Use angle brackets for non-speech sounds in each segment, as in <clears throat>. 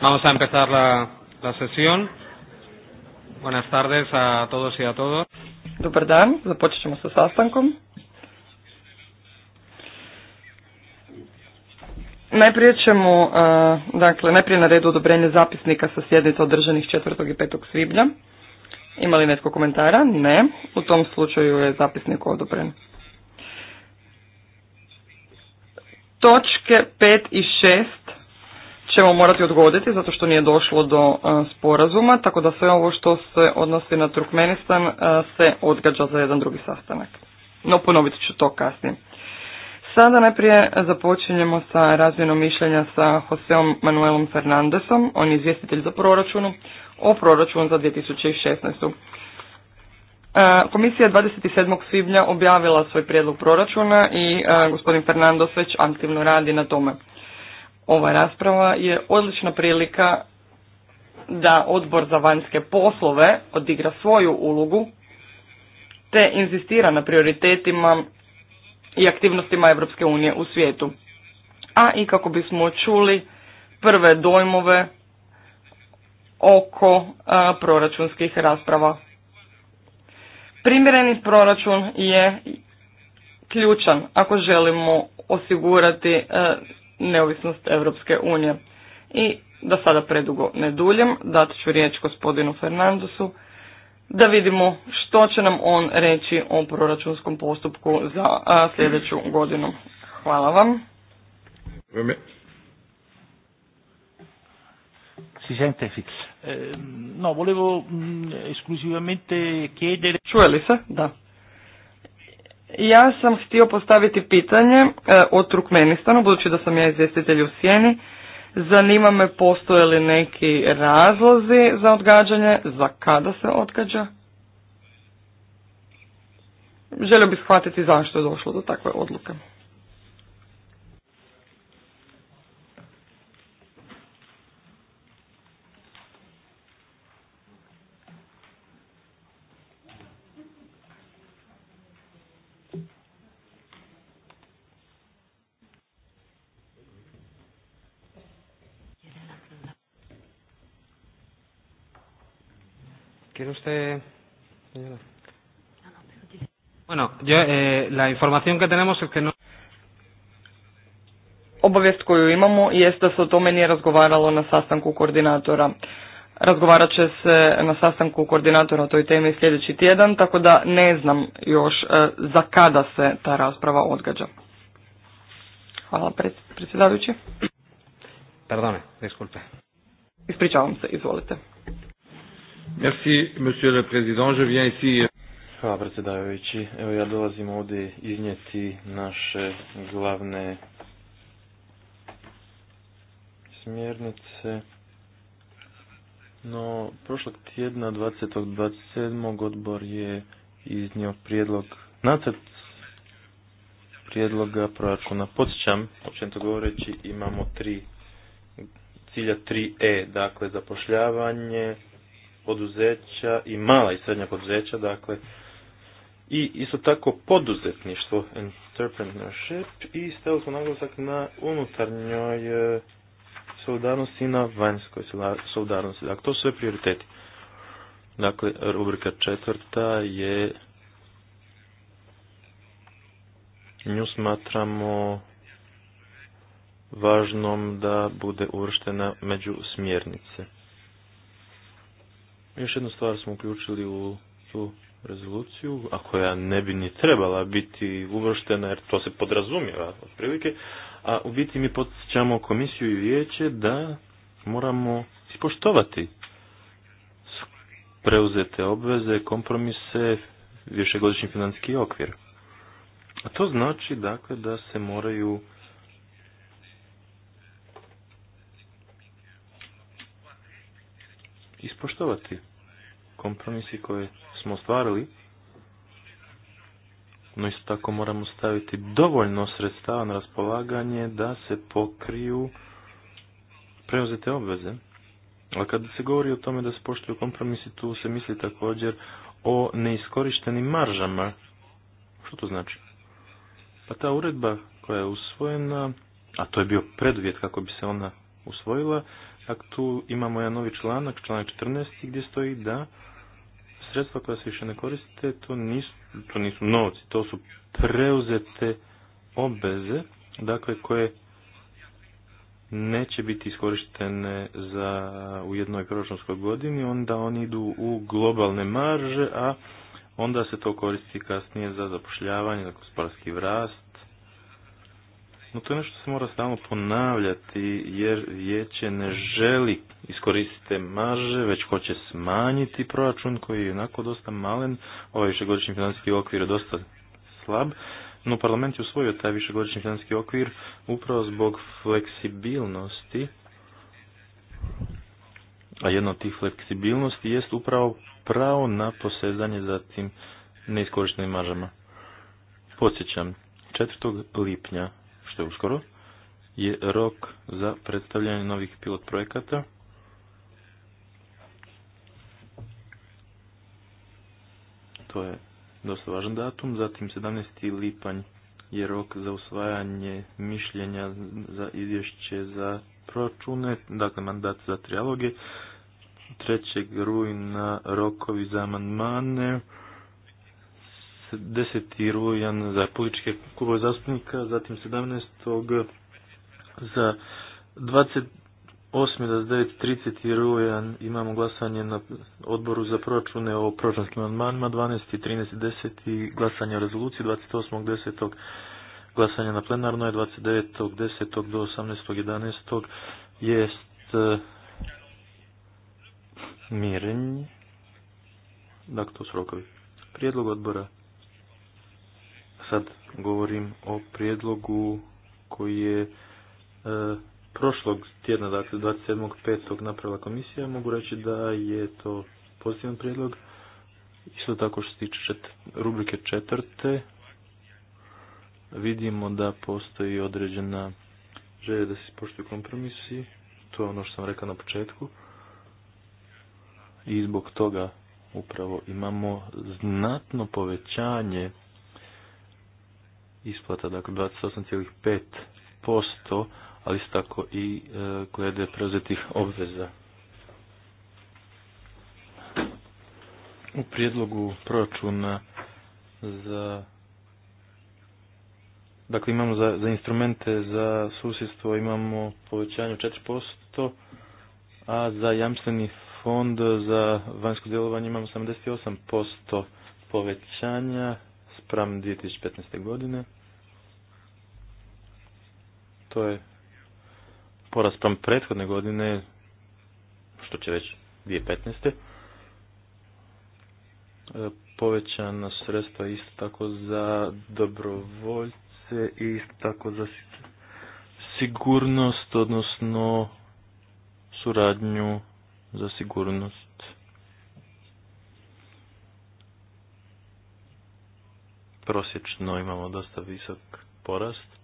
Vamos a empezar la, la sesión. Buenas tardes a todos y a todos. Dobar dan, započet ćemo sa sastankom. Najprije ćemo, eh, dakle, najprije na redu odobrenje zapisnika sa sjednice održanih 4. i 5. svibnja. Ima li netko komentara? Ne. U tom slučaju je zapisnik odobren. Točke 5 i 6 ćemo morati odgoditi zato što nije došlo do e, sporazuma, tako da sve ovo što se odnosi na Turkmenistan e, se odgađa za jedan drugi sastanak. No ponovit ću to kasnije. Sada najprije započinjemo sa razvijenom mišljenja sa Joseom Manuelom Fernandesom, on je izvjestitelj za proračunu, o proračunu za 2016. E, komisija 27. svibnja objavila svoj prijedlog proračuna i gospodin Fernandes već aktivno radi na tome. Ova rasprava je odlična prilika da odbor za vanjske poslove odigra svoju ulogu te inzistira na prioritetima i aktivnostima Europske unije u svijetu. A i kako bismo čuli prve dojmove oko proračunskih rasprava. Primjereni proračun je ključan ako želimo osigurati neovisnost Europske unije. I da sada predugo ne duljem, dat ću riječ gospodinu Fernandusu da vidimo što će nam on reći o proračunskom postupku za sljedeću godinu. Hvala vam. Si eh, mm, Čuje li se? Da. Ja sam htio postaviti pitanje e, o Turkmenistanu, budući da sam ja izvjestitelj u Sjeni. Zanima me postoje li neki razlozi za odgađanje, za kada se odgađa? Želio bih shvatiti zašto je došlo do takve odluke. ¿Quiere usted, señora? Bueno, yo, eh, la información que tenemos es que no... Obavijest koju imamo jest da se o tome nije razgovaralo na sastanku koordinatora. Razgovarat će se na sastanku koordinatora o toj temi sljedeći tjedan, tako da ne znam još e, za kada se ta rasprava odgađa. Hvala predsjedavajući. Perdone, disculpe. Ispričavam se, izvolite. Merci, monsieur le président. Je viens ici... Hvala predsjedavajući. Evo ja dolazim ovdje iznijeti naše glavne smjernice. No, prošlog tjedna 20.27. odbor je iznio prijedlog nacrt prijedloga proračuna. Podsjećam, općenito govoreći, imamo tri cilja 3E, dakle zapošljavanje, poduzeća i mala i srednja poduzeća, dakle, i isto tako poduzetništvo, entrepreneurship, i stavili smo naglasak na unutarnjoj e, solidarnosti i na vanjskoj solidarnosti. Dakle, to su sve prioriteti. Dakle, rubrika četvrta je nju smatramo važnom da bude uvrštena među smjernice. Još jednu stvar smo uključili u tu rezoluciju, a koja ne bi ni trebala biti uvrštena, jer to se podrazumijeva otprilike, a u biti mi podsjećamo komisiju i vijeće da moramo ispoštovati preuzete obveze, kompromise, višegodišnji financijski okvir. A to znači, dakle, da se moraju ispoštovati kompromisi koje smo ostvarili, no isto tako moramo staviti dovoljno sredstava na raspolaganje da se pokriju preuzete obveze. A kada se govori o tome da se poštuju kompromisi, tu se misli također o neiskorištenim maržama. Što to znači? Pa ta uredba koja je usvojena, a to je bio preduvjet kako bi se ona usvojila, tu imamo jedan novi članak, članak 14. gdje stoji da sredstva koja se više ne koriste, to nisu, to nisu novci, to su preuzete obveze, dakle koje neće biti iskorištene za u jednoj proračunskoj godini, onda oni idu u globalne marže, a onda se to koristi kasnije za zapošljavanje, za gospodarski rast no to je nešto se mora stalno ponavljati jer vijeće ne želi iskoristiti maže već hoće smanjiti proračun koji je onako dosta malen, ovaj višegodišnji financijski okvir je dosta slab, no parlament je usvojio taj višegodišnji financijski okvir upravo zbog fleksibilnosti, a jedna od tih fleksibilnosti jest upravo pravo na posezanje za tim neiskorištenim maržama. Podsjećam, 4. lipnja uskoro, je rok za predstavljanje novih pilot projekata. To je dosta važan datum. Zatim 17. lipanj je rok za usvajanje mišljenja za izvješće za proračune, dakle mandat za trijaloge. 3. rujna rokovi za amandmane. 10. rujan za političke klubove zastupnika, zatim 17. za 28. do 9. 30. rujan imamo glasanje na odboru za proračune o proračunskim odmanima 12. 13. 10. glasanje o rezoluciji, 28. 10. glasanje na plenarnoj je 29. 10. do 18. 11. jest e, mirenje. Dakle, to su rokovi. Prijedlog odbora Sad govorim o prijedlogu koji je e, prošlog tjedna, dakle 27.5. napravila komisija. Mogu reći da je to pozitivan prijedlog. Isto tako što se tiče rubrike četvrte, vidimo da postoji određena želja da se poštuju kompromisi. To je ono što sam rekao na početku. I zbog toga upravo imamo znatno povećanje isplata, dakle 28,5%, ali isto tako i e, glede preuzetih obveza. U prijedlogu proračuna za dakle imamo za, za instrumente za susjedstvo imamo povećanje 4%, a za jamstveni fond za vanjsko djelovanje imamo 78% povećanja spram 2015. godine to je porast prom prethodne godine, što će već 2015. E, povećana sredstva isto tako za dobrovoljce i isto tako za sigurnost, odnosno suradnju za sigurnost. Prosječno imamo dosta visok porast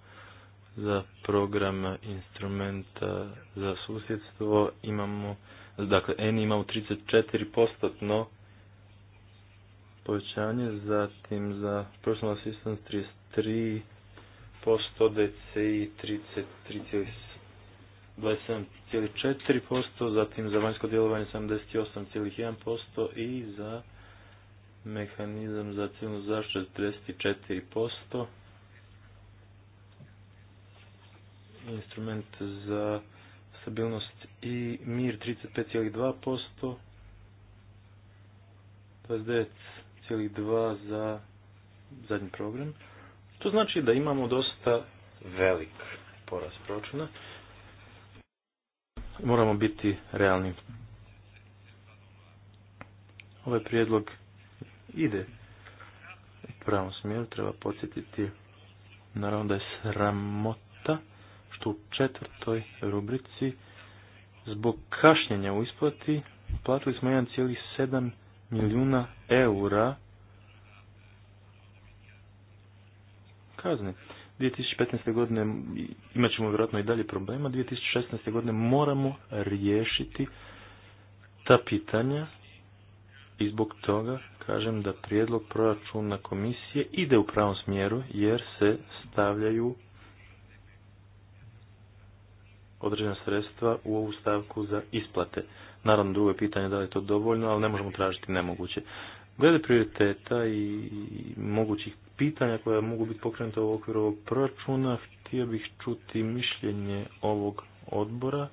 za program instrumenta za susjedstvo imamo, dakle N imamo 34% povećanje, zatim za personal assistance 33%, DCI 27,4%, zatim za vanjsko djelovanje 78,1% i za mehanizam za civilnu zaštitu 34%. instrument za stabilnost i mir 35,2%, 29,2% za zadnji program. To znači da imamo dosta velik porast proračuna. Moramo biti realni. Ovaj prijedlog ide u pravom smjeru, treba podsjetiti naravno da je sramot što u četvrtoj rubrici zbog kašnjenja u isplati platili smo 1,7 milijuna eura kazne. 2015. godine imat ćemo vjerojatno i dalje problema, 2016. godine moramo riješiti ta pitanja i zbog toga kažem da prijedlog proračuna komisije ide u pravom smjeru jer se stavljaju određena sredstva u ovu stavku za isplate. Naravno, drugo je pitanje da li je to dovoljno, ali ne možemo tražiti nemoguće. Glede prioriteta i mogućih pitanja koja mogu biti pokrenuta u okviru ovog proračuna, htio bih čuti mišljenje ovog odbora.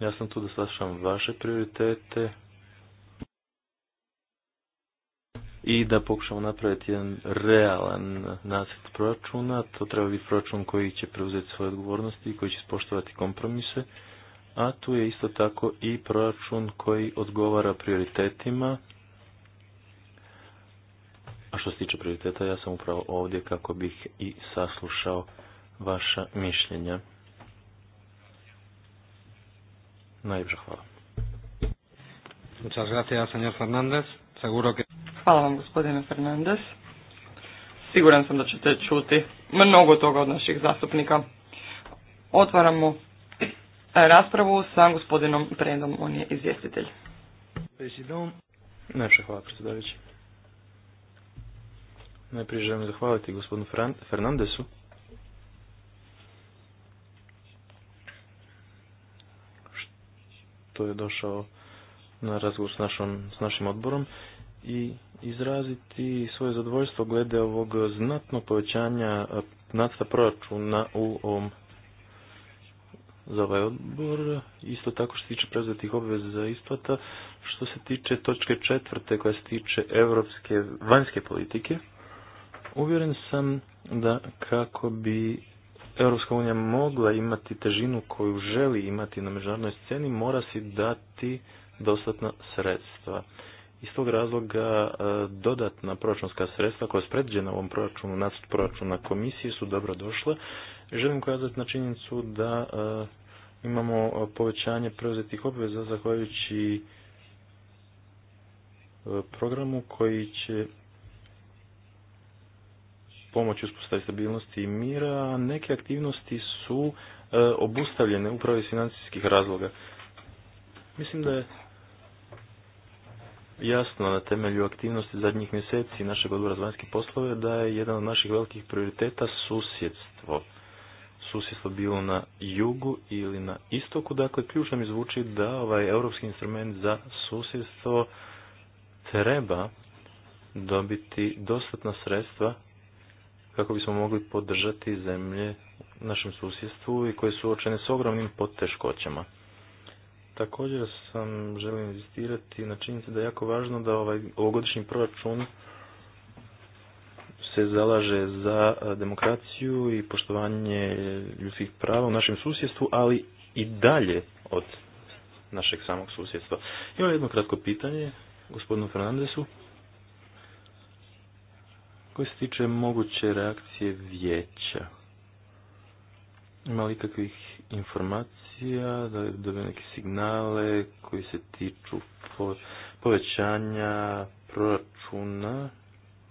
Ja sam tu da slašam vaše prioritete, i da pokušamo napraviti jedan realan nacrt proračuna. To treba biti proračun koji će preuzeti svoje odgovornosti i koji će spoštovati kompromise. A tu je isto tako i proračun koji odgovara prioritetima. A što se tiče prioriteta, ja sam upravo ovdje kako bih i saslušao vaša mišljenja. Najljepša hvala. Muchas gracias, señor Fernández. Hvala vam gospodine Fernandez. Siguran sam da ćete čuti mnogo toga od naših zastupnika. Otvaramo raspravu sa gospodinom Predom, on je izvjestitelj. Najprije hvala predsjedavajući. Najprije želim zahvaliti gospodinu Fernandesu. Što je došao na razgovor s, s našim odborom i izraziti svoje zadovoljstvo glede ovog znatnog povećanja eh, nacrta proračuna u ovom za ovaj odbor, isto tako što se tiče preuzetih obveza za isplata, što se tiče točke četvrte koja se tiče europske vanjske politike, uvjeren sam da kako bi Europska unija mogla imati težinu koju želi imati na međunarodnoj sceni, mora si dati dostatna sredstva iz tog razloga e, dodatna proračunska sredstva koja su predviđena u ovom proračunu, nacrt proračuna komisije su dobro došla. Želim kazati na činjenicu da e, imamo povećanje preuzetih obveza zahvaljujući e, programu koji će pomoći uspostavi stabilnosti i mira, neke aktivnosti su obustavljene upravo iz financijskih razloga. Mislim da je jasno na temelju aktivnosti zadnjih mjeseci našeg odbora za vanjske poslove da je jedan od naših velikih prioriteta susjedstvo. Susjedstvo bilo na jugu ili na istoku, dakle ključno mi zvuči da ovaj europski instrument za susjedstvo treba dobiti dostatna sredstva kako bismo mogli podržati zemlje našem susjedstvu i koje su očene s ogromnim poteškoćama. Također sam želim inzistirati na činjenici da je jako važno da ovaj ovogodišnji proračun se zalaže za demokraciju i poštovanje ljudskih prava u našem susjedstvu, ali i dalje od našeg samog susjedstva. Imam jedno kratko pitanje gospodinu Fernandesu koje se tiče moguće reakcije vijeća. Ima li kakvih informacija? da dobio neke signale koji se tiču povećanja proračuna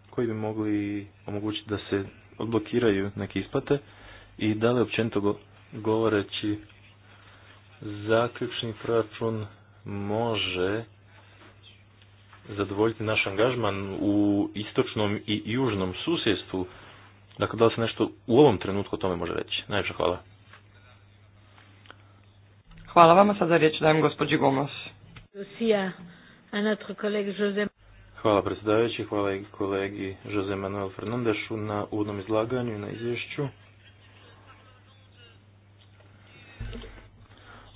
koji bi mogli omogućiti da se odblokiraju neke isplate i da li općenito govoreći zaključni proračun može zadovoljiti naš angažman u istočnom i južnom susjedstvu. Dakle, da li se nešto u ovom trenutku o tome može reći? Najviše hvala. Hvala vama, sada riječ dajem gospođi Gomos. Hvala predsjedavajući, hvala i kolegi Jose Manuel Fernandešu na uvodnom izlaganju i na izvješću.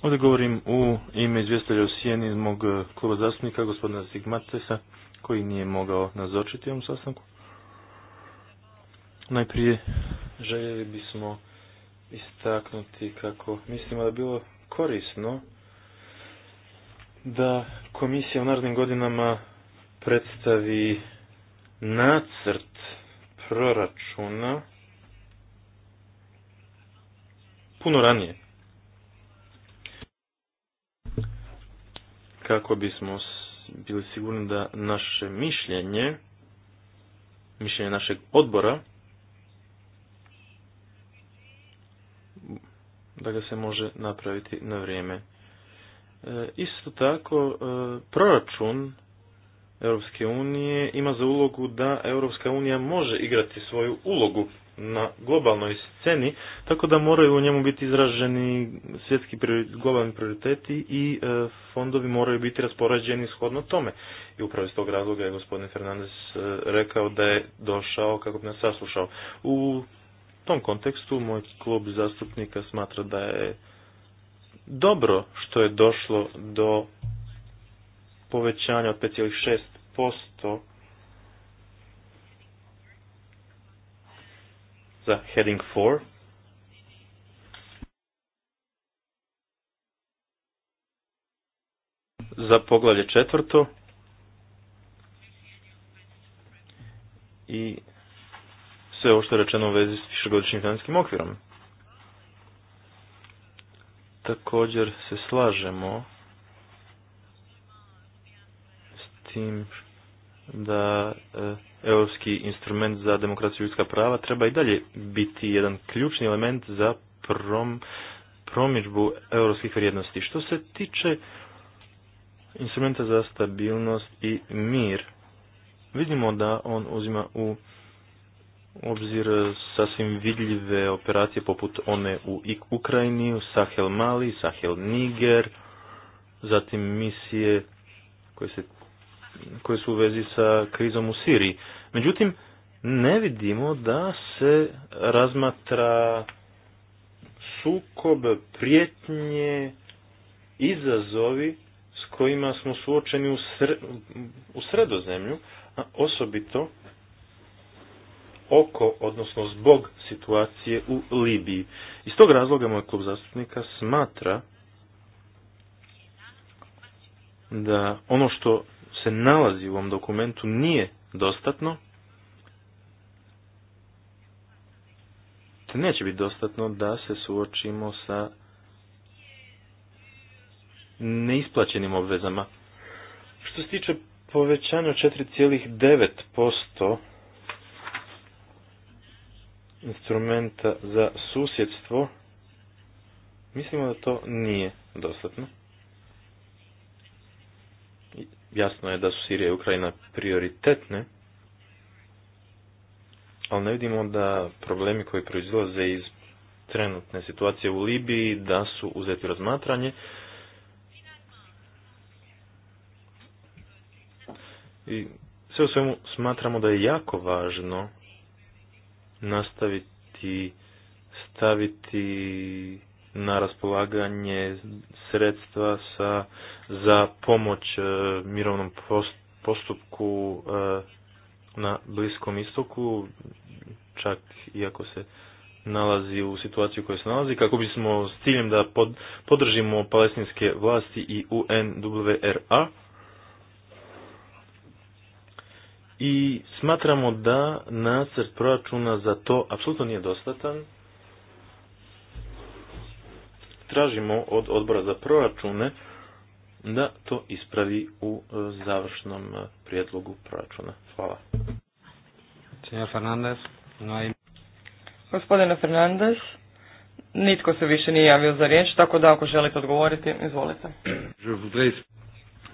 Ovdje govorim u ime izvjestelja u Sijeni iz mog kluba zastupnika, gospodina Sigmatesa, koji nije mogao nazočiti ovom sastanku. Najprije željeli bismo istaknuti kako mislimo da bilo korisno da komisija u narednim godinama predstavi nacrt proračuna puno ranije. Kako bismo bili sigurni da naše mišljenje, mišljenje našeg odbora, da ga se može napraviti na vrijeme. E, isto tako, e, proračun Europske unije ima za ulogu da Europska unija može igrati svoju ulogu na globalnoj sceni, tako da moraju u njemu biti izraženi svjetski globalni prioriteti i e, fondovi moraju biti raspoređeni shodno tome. I upravo iz tog razloga je gospodin Fernandez rekao da je došao kako bi nas saslušao. U tom kontekstu moj klub zastupnika smatra da je dobro što je došlo do povećanja od 5,6% za heading 4. Za poglavlje četvrto i sve ovo što je rečeno u vezi s višegodišnjim financijskim okvirom. Također se slažemo s tim da e, europski instrument za demokraciju i ljudska prava treba i dalje biti jedan ključni element za prom, promičbu europskih vrijednosti. Što se tiče instrumenta za stabilnost i mir, vidimo da on uzima u obzir sasvim vidljive operacije poput one u Ukrajini, u Sahel Mali, Sahel Niger, zatim misije koje, se, koje su u vezi sa krizom u Siriji. Međutim, ne vidimo da se razmatra sukob, prijetnje, izazovi s kojima smo suočeni u, u sredozemlju, a osobito oko, odnosno zbog situacije u Libiji. Iz tog razloga moj klub zastupnika smatra da ono što se nalazi u ovom dokumentu nije dostatno, neće biti dostatno da se suočimo sa neisplaćenim obvezama. Što se tiče povećanja 4,9% instrumenta za susjedstvo, mislimo da to nije dostatno. Jasno je da su Sirija i Ukrajina prioritetne, ali ne vidimo da problemi koji proizlaze iz trenutne situacije u Libiji, da su uzeti razmatranje. I sve u svemu smatramo da je jako važno nastaviti staviti na raspolaganje sredstva sa, za pomoć e, mirovnom postupku e, na Bliskom istoku, čak iako se nalazi u situaciju u kojoj se nalazi, kako bismo s ciljem da podržimo palestinske vlasti i UNWRA, i smatramo da nacrt proračuna za to apsolutno nije dostatan. Tražimo od odbora za proračune da to ispravi u e, završnom e, prijedlogu proračuna. Hvala. Fernandez, Gospodine Fernandez, nitko se više nije javio za riječ, tako da ako želite odgovoriti, izvolite.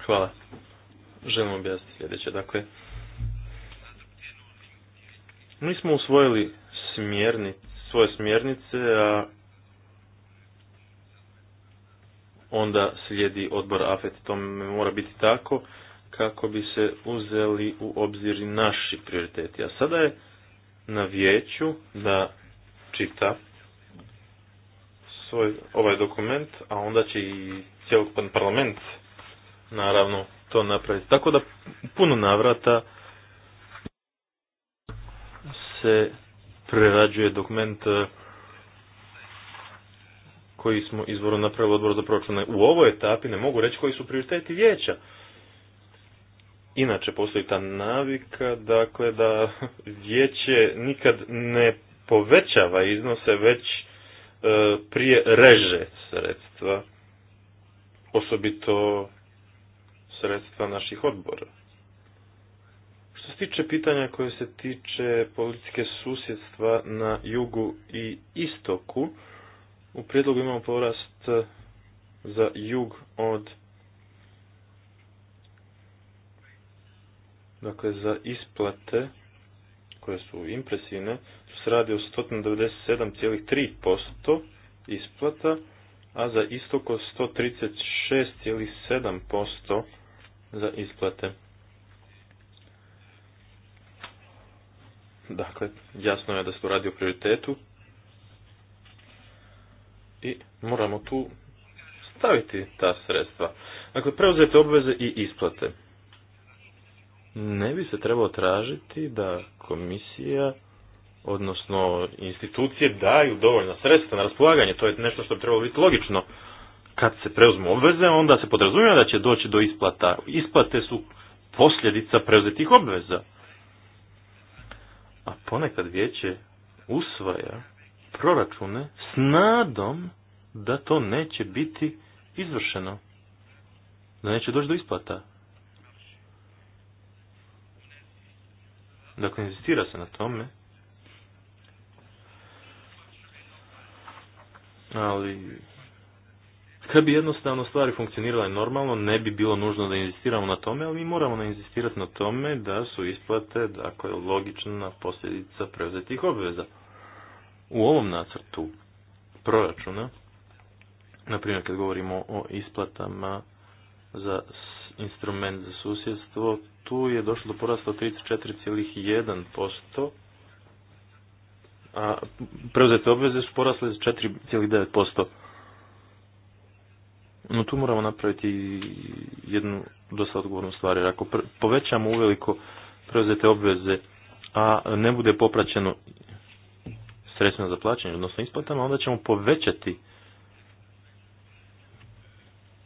Hvala. Želim objasniti sljedeće. Dakle, mi smo usvojili smjernice, svoje smjernice, a onda slijedi odbor AFET. To mora biti tako kako bi se uzeli u obzir naši prioriteti. A sada je na vijeću da čita svoj ovaj dokument, a onda će i cjelokupan parlament naravno to napraviti. Tako da puno navrata se prerađuje dokument e, koji smo izvorno napravili odbor za proračune. U ovoj etapi ne mogu reći koji su prioriteti vijeća. Inače, postoji ta navika, dakle, da vijeće nikad ne povećava iznose, već e, prije reže sredstva, osobito sredstva naših odbora. Što se tiče pitanja koje se tiče politike susjedstva na jugu i istoku, u prijedlogu imamo porast eh, za jug od dakle za isplate koje su impresivne su se radi o 197,3% isplata a za istoko 136,7% za isplate Dakle, jasno je da se to radi o prioritetu i moramo tu staviti ta sredstva. Dakle, preuzete obveze i isplate. Ne bi se trebao tražiti da komisija, odnosno institucije, daju dovoljna sredstva na raspolaganje. To je nešto što bi trebalo biti logično. Kad se preuzmu obveze, onda se podrazumijeva da će doći do isplata. Isplate su posljedica preuzetih obveza a ponekad vijeće usvaja proračune s nadom da to neće biti izvršeno, da neće doći do isplata. Dakle, insistira se na tome, ali kad bi jednostavno stvari funkcionirale normalno, ne bi bilo nužno da inzistiramo na tome, ali mi moramo inzistirati na tome da su isplate, dakle, logična posljedica preuzetih obveza. U ovom nacrtu proračuna, na primjer kad govorimo o isplatama za instrument za susjedstvo, tu je došlo do porasta 34,1%, a preuzete obveze su porasle za 4,9%. No tu moramo napraviti jednu dosta odgovornu stvar, jer ako povećamo uveliko preuzete obveze, a ne bude popraćeno sredstvima za plaćanje, odnosno isplatama, onda ćemo povećati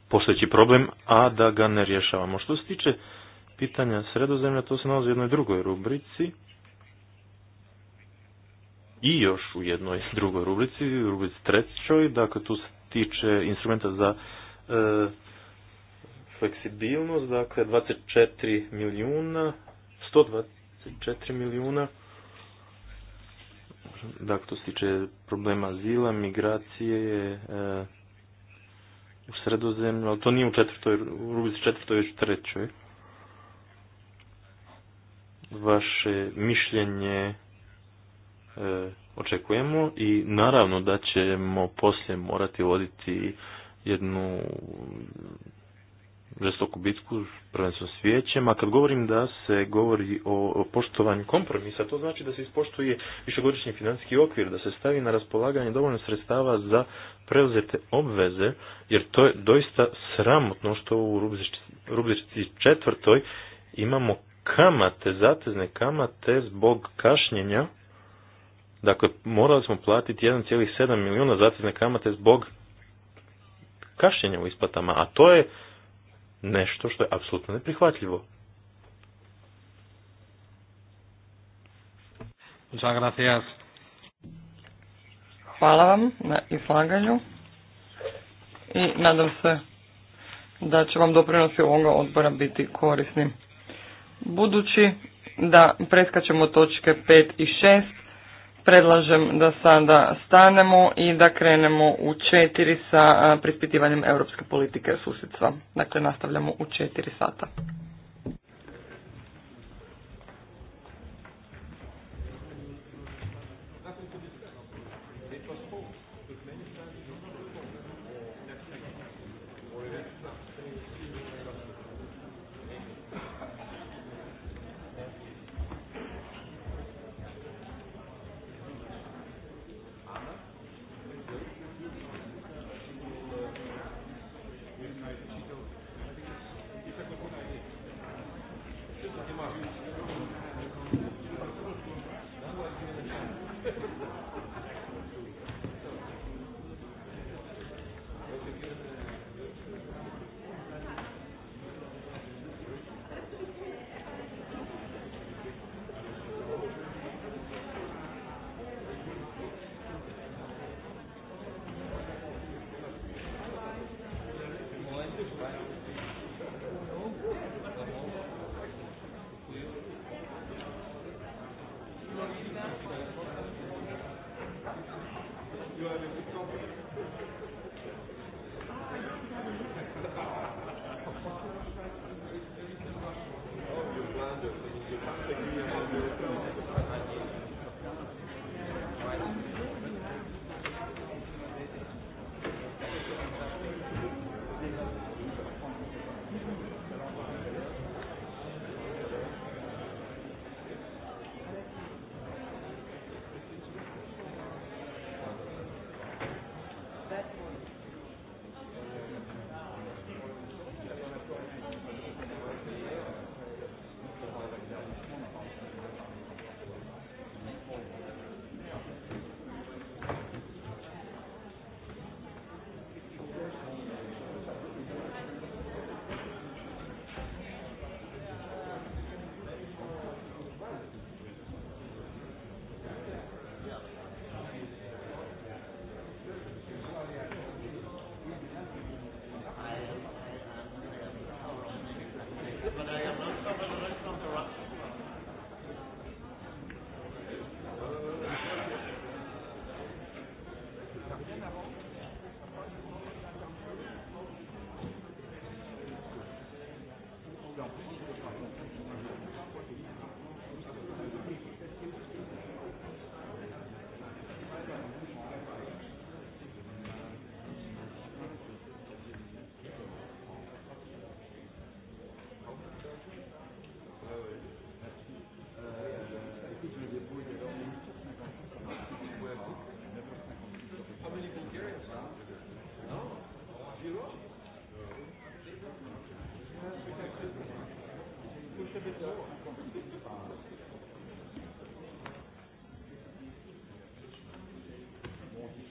postojeći problem, a da ga ne rješavamo. Što se tiče pitanja sredozemlja, to se nalazi u jednoj drugoj rubrici i još u jednoj <laughs> drugoj rubrici, rubrici trećoj, dakle tu se tiče instrumenta za E, fleksibilnost, dakle 24 milijuna, 124 milijuna, dakle to se tiče problema azila, migracije, e, u sredozemlju, ali to nije u četvrtoj, u rubici četvrtoj, već trećoj. Vaše mišljenje e, očekujemo i naravno da ćemo poslije morati voditi jednu žestoku bitku prvenstveno vijećem, a kad govorim da se govori o poštovanju kompromisa, to znači da se ispoštuje višegodišnji financijski okvir, da se stavi na raspolaganje dovoljno sredstava za preuzete obveze, jer to je doista sramotno što u rubrici četvrtoj imamo kamate, zatezne kamate zbog kašnjenja, dakle morali smo platiti 1,7 milijuna zatezne kamate zbog kašnjenja u isplatama, a to je nešto što je apsolutno neprihvatljivo. Hvala vam na izlaganju i nadam se da će vam doprinosi ovoga odbora biti korisni. Budući da preskačemo točke 5 i 6, predlažem da sada stanemo i da krenemo u četiri sa prispitivanjem europske politike susjedstva. Dakle, nastavljamo u četiri sata.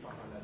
par la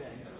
vam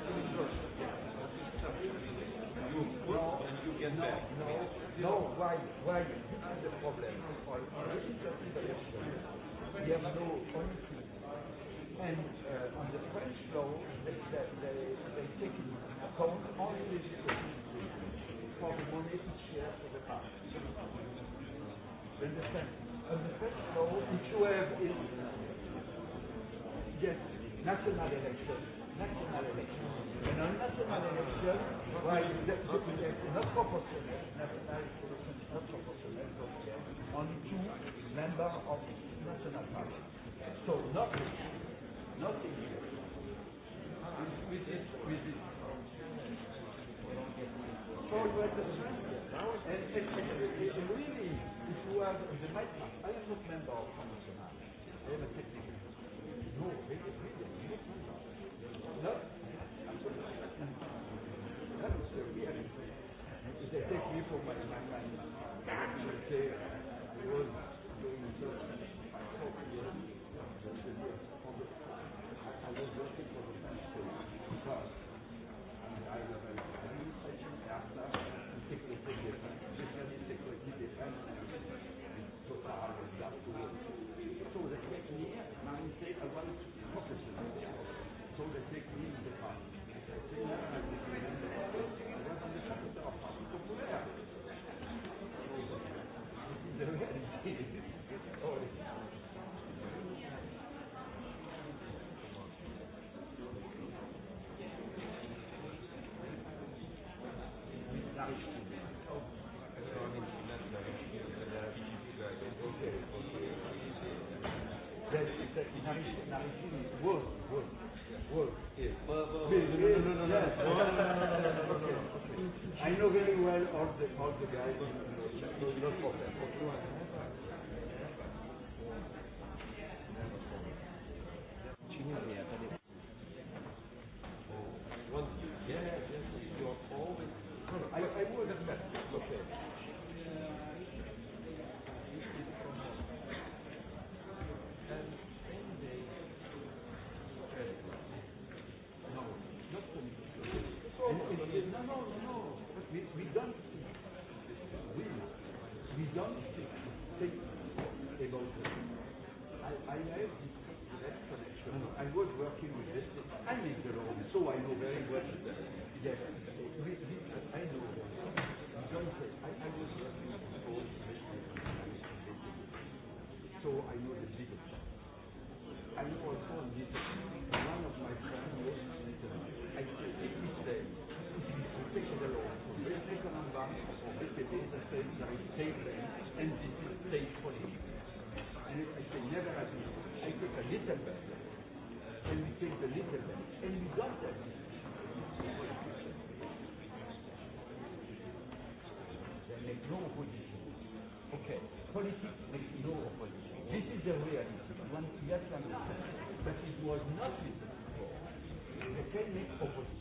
No, no, why, is the problem. We have no And uh, on the French law, they, take account only for the money understand? On the French law, you have, yes, national elections, national election. And on national election, not proportional, national solution is two members of national party. So nothing, nothing With this, with So the strength. And, really, I am not member of National. I have a technical all the guys on the opoziciji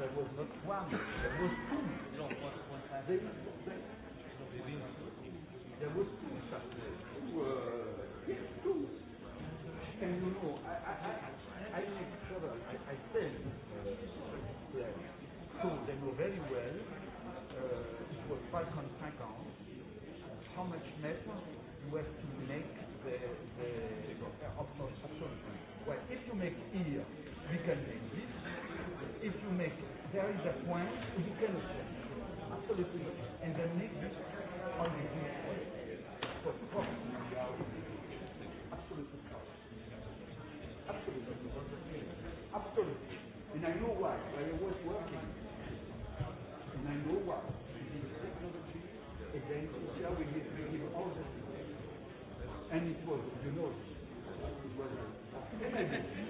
There was not one. There was two. No, one, one They, there was two such two, uh, yes, two. And you know, I, I, I, I make trouble. I, I tell uh, so they know very well uh, it was 550 how much metal you have to make the, the, uh, the absolutely. Well, if you make here, we can make this if you make it, there is a point you cannot change. Absolutely. And then the next on the for profit. Absolutely. Absolutely. Absolutely. And I know why. I was working. And I know why. Technology, and then we give all the things. And it was, you know, it was a <laughs>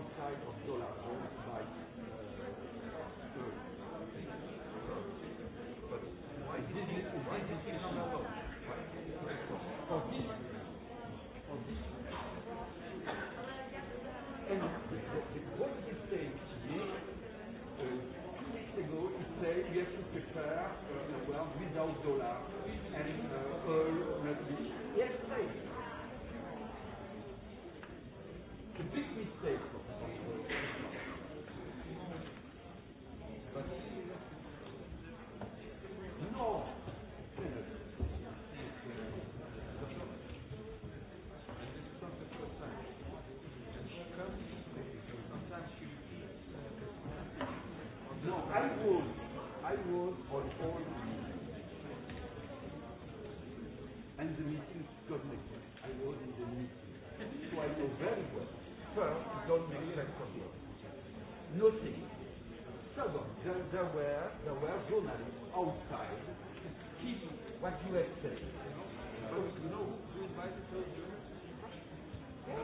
outside of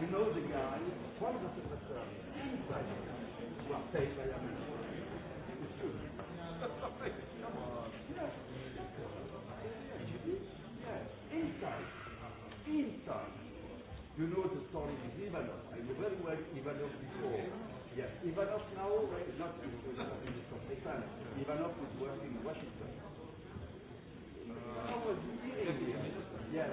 You know the guy, one of the service, inside well, paid by them. It's true. Come on. Inside. Inside. You know the story with Ivanov. I know very well Ivanov before. Yes, Ivanov now, not in the Soviet Ivanov was working in Washington. Uh, How was he Yes.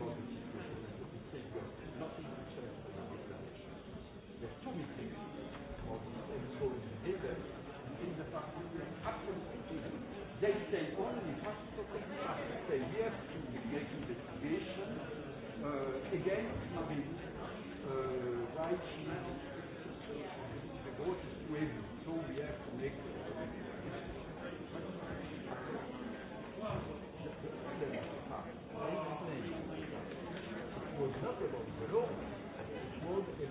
Hvala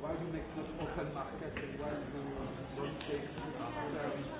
why do you make this open market and why do you don't take uh,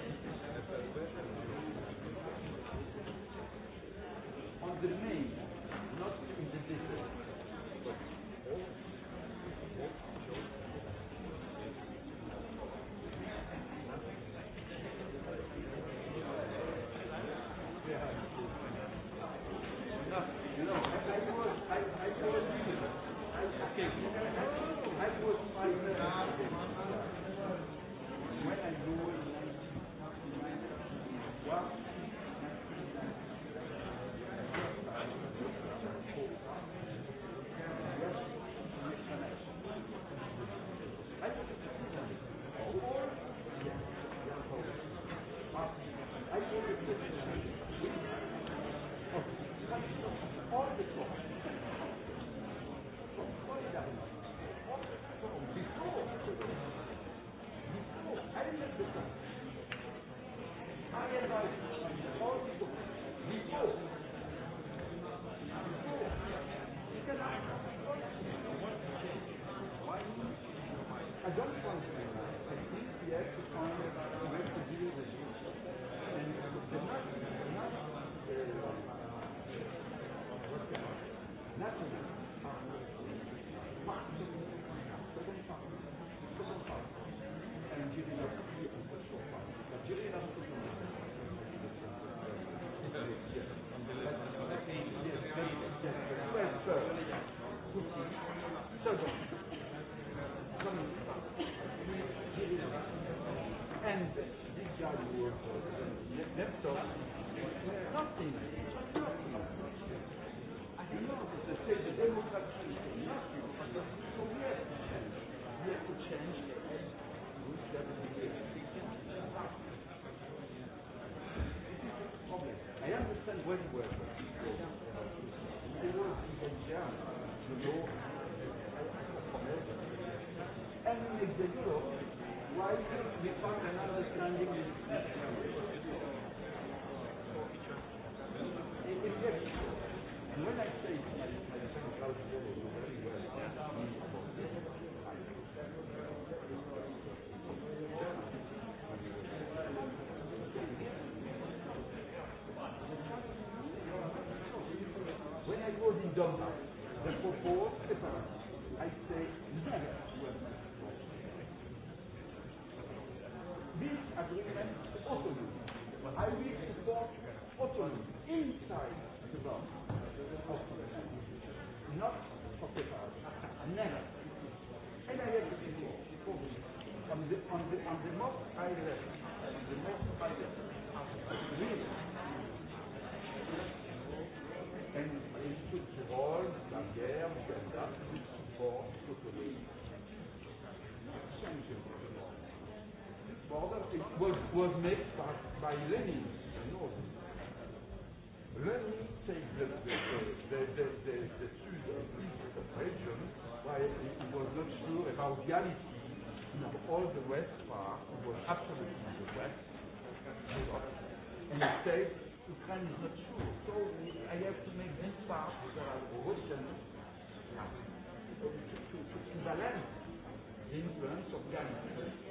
Nothing. it was, was made by, by Lenin. you know. Lenin takes the, the, the, the, the, the, truth of the region while he was not sure about reality. No. All the West part was absolutely the West. And he said, Ukraine is not sure. So I have to make this part that are Russian to, to, to balance the influence of reality.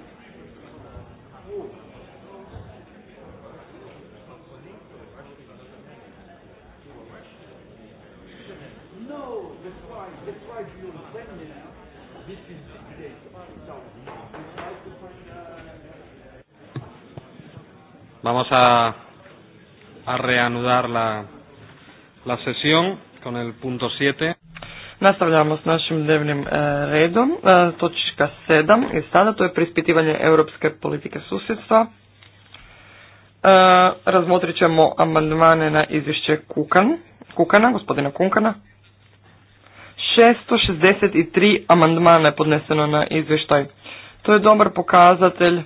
Vamos a, a reanudar la, la sesión con el punto 7. Nastavljamo s našim dnevnim e, redom. E, točka 7 je sada, to je prispitivanje europske politike susjedstva. E, razmotrit ćemo amandmane na izvješće Kukan, Kukana, gospodina Kunkana. 663 amandmana je podneseno na izvještaj. To je dobar pokazatelj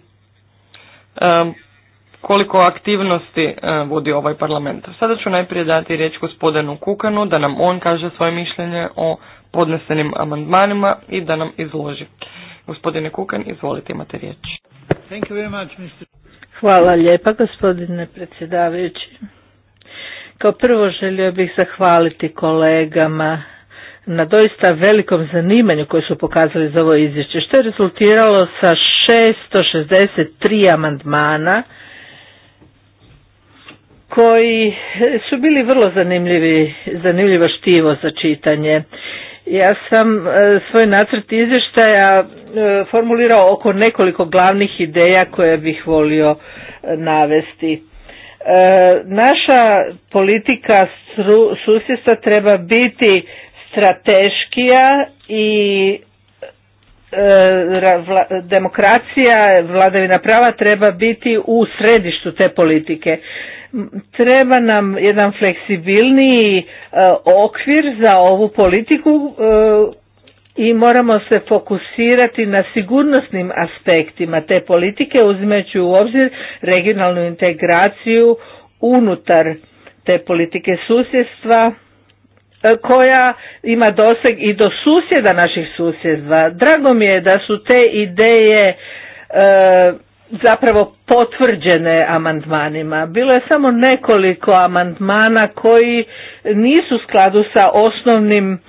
koliko aktivnosti vodi ovaj parlament. Sada ću najprije dati riječ gospodinu Kukanu da nam on kaže svoje mišljenje o podnesenim amandmanima i da nam izloži. Gospodine Kukan, izvolite, imate riječ. Hvala lijepa, gospodine predsjedavajući. Kao prvo želio bih zahvaliti kolegama na doista velikom zanimanju koje su pokazali za ovo izvješće, što je rezultiralo sa 663 amandmana koji su bili vrlo zanimljivi, zanimljivo štivo za čitanje. Ja sam e, svoj nacrt izvještaja e, formulirao oko nekoliko glavnih ideja koje bih volio e, navesti. Naša politika susjedstva treba biti strateškija i e, demokracija, vladavina prava treba biti u središtu te politike. Treba nam jedan fleksibilniji e, okvir za ovu politiku e, i moramo se fokusirati na sigurnosnim aspektima te politike uzimajući u obzir regionalnu integraciju unutar te politike susjedstva E, koja ima doseg i do susjeda naših susjedstva. Drago mi je da su te ideje e, zapravo potvrđene amandmanima. Bilo je samo nekoliko amandmana koji nisu u skladu sa osnovnim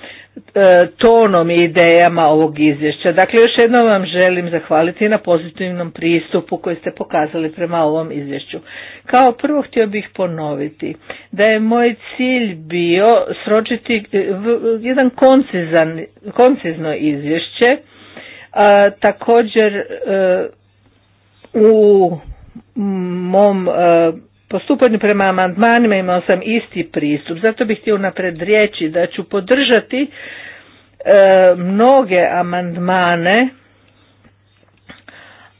E, tonom i idejama ovog izvješća. Dakle, još jednom vam želim zahvaliti na pozitivnom pristupu koji ste pokazali prema ovom izvješću. Kao prvo htio bih ponoviti da je moj cilj bio sročiti e, jedan koncizan, koncizno izvješće, a također e, u mom postupanju prema amandmanima imao sam isti pristup. Zato bih htio napred riječi da ću podržati e, mnoge amandmane,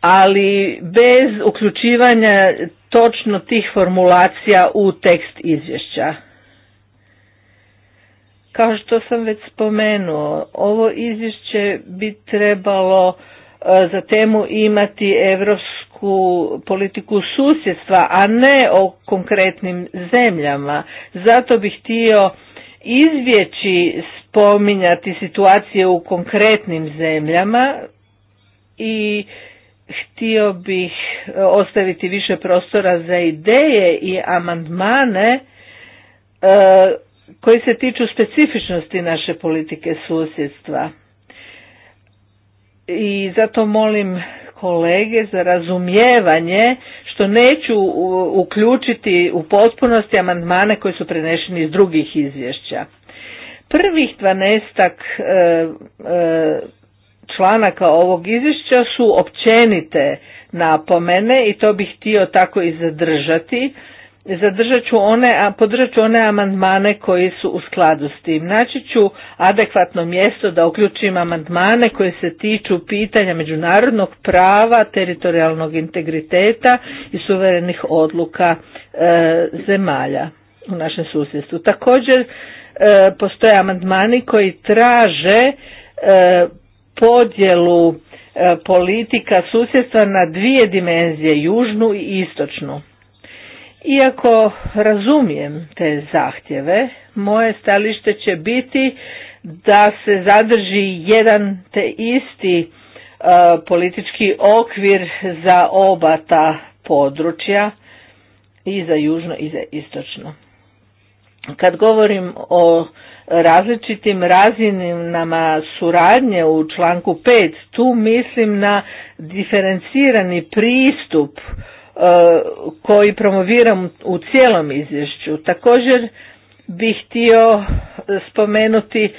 ali bez uključivanja točno tih formulacija u tekst izvješća. Kao što sam već spomenuo, ovo izvješće bi trebalo e, za temu imati politiku susjedstva, a ne o konkretnim zemljama. Zato bih htio izvjeći spominjati situacije u konkretnim zemljama i htio bih e, ostaviti više prostora za ideje i amandmane e, koji se tiču specifičnosti naše politike susjedstva. I zato molim kolege za razumijevanje što neću uključiti u potpunosti amandmane koji su prenešeni iz drugih izvješća. Prvih dvanestak e, e, članaka ovog izvješća su općenite napomene i to bih htio tako i zadržati zadržat ću one, a podržat ću one amandmane koji su u skladu s tim. Naći ću adekvatno mjesto da uključim amandmane koji se tiču pitanja međunarodnog prava, teritorijalnog integriteta i suverenih odluka e, zemalja u našem susjedstvu. Također e, postoje amandmani koji traže e, podjelu politika susjedstva na dvije dimenzije, južnu i istočnu. Iako razumijem te zahtjeve, moje stalište će biti da se zadrži jedan te isti e, politički okvir za oba ta područja i za južno i za istočno. Kad govorim o različitim razinama suradnje u članku 5, tu mislim na diferencirani pristup koji promoviram u cijelom izvješću. Također bih htio spomenuti e,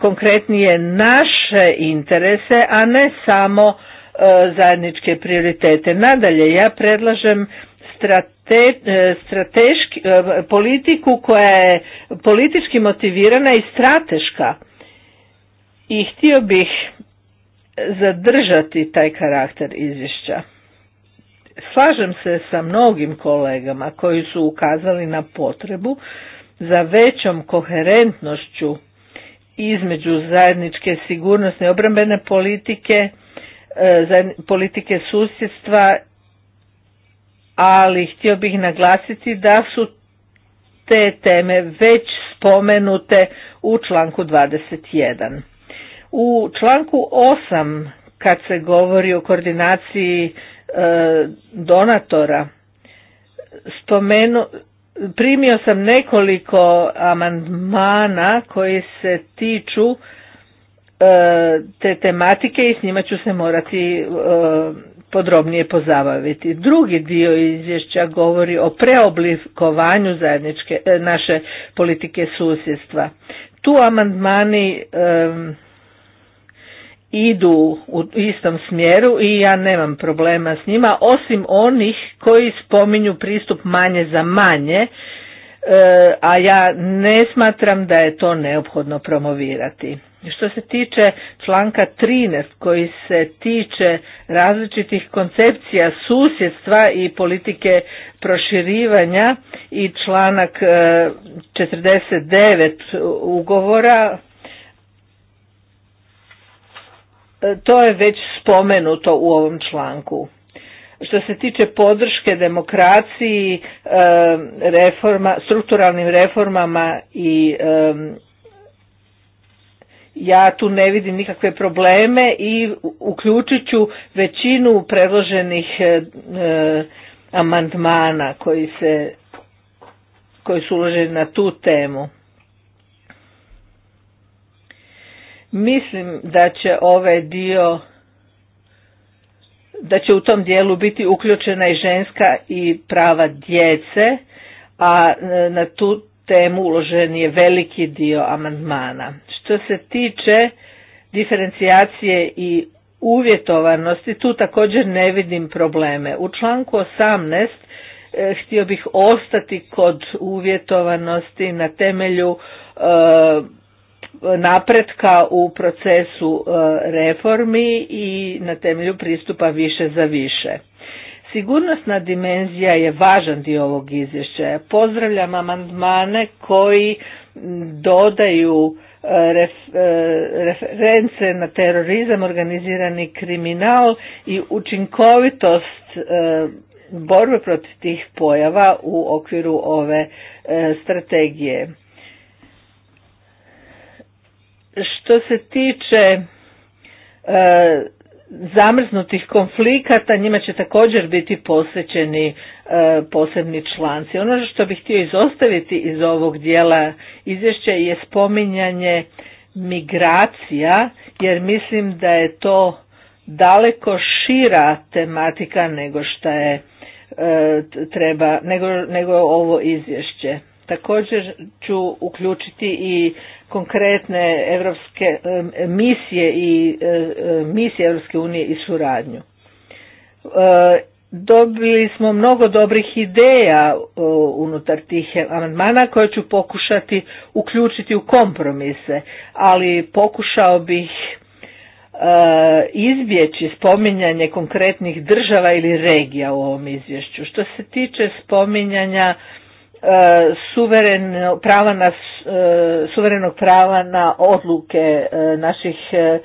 konkretnije naše interese, a ne samo e, zajedničke prioritete. Nadalje, ja predlažem e, politiku koja je politički motivirana i strateška. I htio bih zadržati taj karakter izvješća. Slažem se sa mnogim kolegama koji su ukazali na potrebu za većom koherentnošću između zajedničke sigurnosne obrambene politike, e, politike susjedstva, ali htio bih naglasiti da su te teme već spomenute u članku 21. U članku 8 kad se govori o koordinaciji donatora. Spomenu, primio sam nekoliko amandmana koji se tiču e, te tematike i s njima ću se morati e, podrobnije pozabaviti. Drugi dio izvješća govori o preoblikovanju zajedničke e, naše politike susjedstva. Tu amandmani idu u istom smjeru i ja nemam problema s njima, osim onih koji spominju pristup manje za manje, e, a ja ne smatram da je to neophodno promovirati. Što se tiče članka 13 koji se tiče različitih koncepcija susjedstva i politike proširivanja i članak 49 e, ugovora to je već spomenuto u ovom članku. Što se tiče podrške demokraciji, e, reforma, strukturalnim reformama i e, ja tu ne vidim nikakve probleme i uključit ću većinu predloženih e, amandmana koji se koji su uloženi na tu temu. Mislim da će ovaj dio da će u tom dijelu biti uključena i ženska i prava djece, a e, na tu temu uložen je veliki dio amandmana. Što se tiče diferencijacije i uvjetovanosti, tu također ne vidim probleme. U članku 18 e, htio bih ostati kod uvjetovanosti na temelju e, napretka u procesu e, reformi i na temelju pristupa više za više. Sigurnosna dimenzija je važan dio ovog izvješća. Pozdravljam amandmane koji dodaju e, e, reference na terorizam, organizirani kriminal i učinkovitost borbe protiv tih pojava u okviru ove strategije. Što se tiče e, zamrznutih konflikata njima će također biti posvećeni e, posebni članci. Ono što bih htio izostaviti iz ovog dijela izvješća je spominjanje migracija jer mislim da je to daleko šira tematika nego što je e, treba nego, nego ovo izvješće. Također ću uključiti i konkretne europske misije i misije Europske unije i suradnju. E, dobili smo mnogo dobrih ideja unutar tih amandmana koje ću pokušati uključiti u kompromise, ali pokušao bih e, izbjeći spominjanje konkretnih država ili regija u ovom izvješću. Što se tiče spominjanja suveren prava na, e, suverenog prava na odluke e, naših e,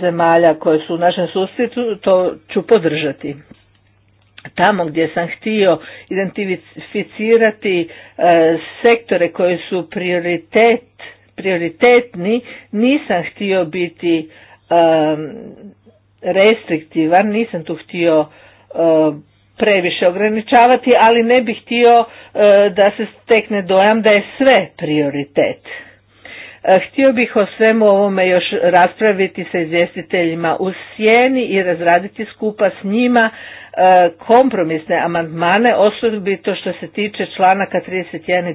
zemalja koje su u našem sustitu, to ću podržati. Tamo gdje sam htio identificirati sektore koji su prioritet, prioritetni, nisam htio biti restriktivan, nisam tu htio previše ograničavati, ali ne bih htio e, da se stekne dojam da je sve prioritet. E, htio bih o svemu ovome još raspraviti sa izvjestiteljima u sjeni i razraditi skupa s njima E, kompromisne amandmane, osobito što se tiče članaka 31 i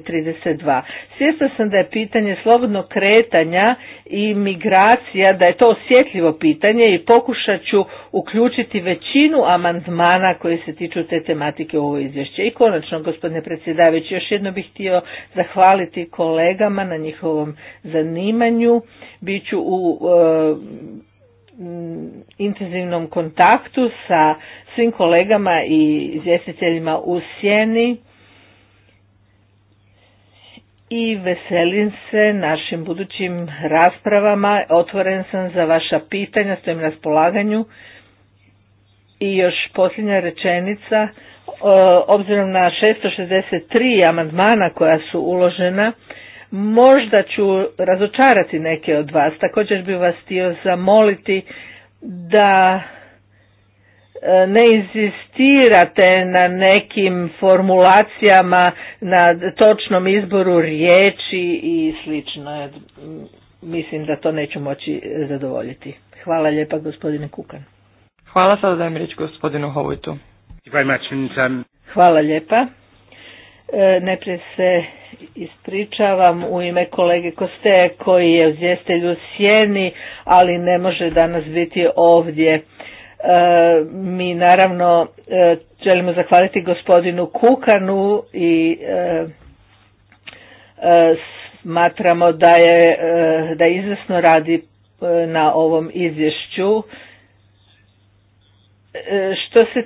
32. Svjesna sam da je pitanje slobodnog kretanja i migracija, da je to osjetljivo pitanje i pokušat ću uključiti većinu amandmana koji se tiču te tematike u ovo izvješće. I konačno, gospodine predsjedavajući, još jedno bih htio zahvaliti kolegama na njihovom zanimanju. Biću u e, Mm, intenzivnom kontaktu sa svim kolegama i izvjestiteljima u Sjeni i veselim se našim budućim raspravama. Otvoren sam za vaša pitanja, stojim na raspolaganju. I još posljednja rečenica, obzirom na 663 amandmana koja su uložena, Možda ću razočarati neke od vas, također bih vas htio zamoliti da e, ne inzistirate na nekim formulacijama, na točnom izboru riječi i slično. E, mislim da to neću moći zadovoljiti. Hvala lijepa gospodine Kukan. Hvala sada dajem riječ gospodinu Hovojtu. Um, Hvala lijepa. E, se ispričavam u ime kolege koste koji je izvjestelj u Sjeni, ali ne može danas biti ovdje. E, mi naravno e, želimo zahvaliti gospodinu Kukanu i e, smatramo da je da izvrsno radi na ovom izvješću. Što se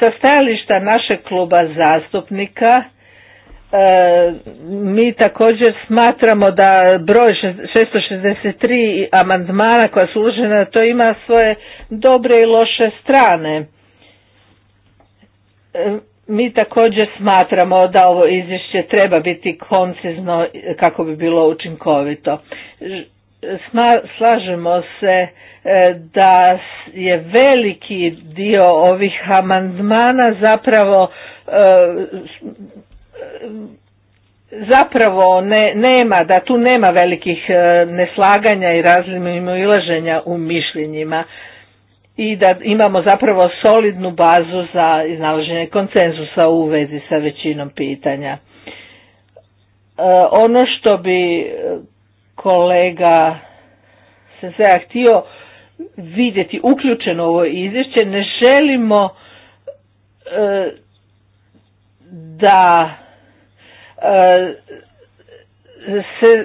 sa stajališta našeg kluba zastupnika E, mi također smatramo da broj 663 amandmana koja su uložena to ima svoje dobre i loše strane. E, mi također smatramo da ovo izvješće treba biti koncizno kako bi bilo učinkovito. Slažemo se e, da je veliki dio ovih amandmana zapravo zapravo ne, nema, da tu nema velikih e, neslaganja i ilaženja u mišljenjima i da imamo zapravo solidnu bazu za iznalaženje konsenzusa u vezi sa većinom pitanja. E, ono što bi e, kolega se ja htio vidjeti uključeno u ovo izvješće, ne želimo da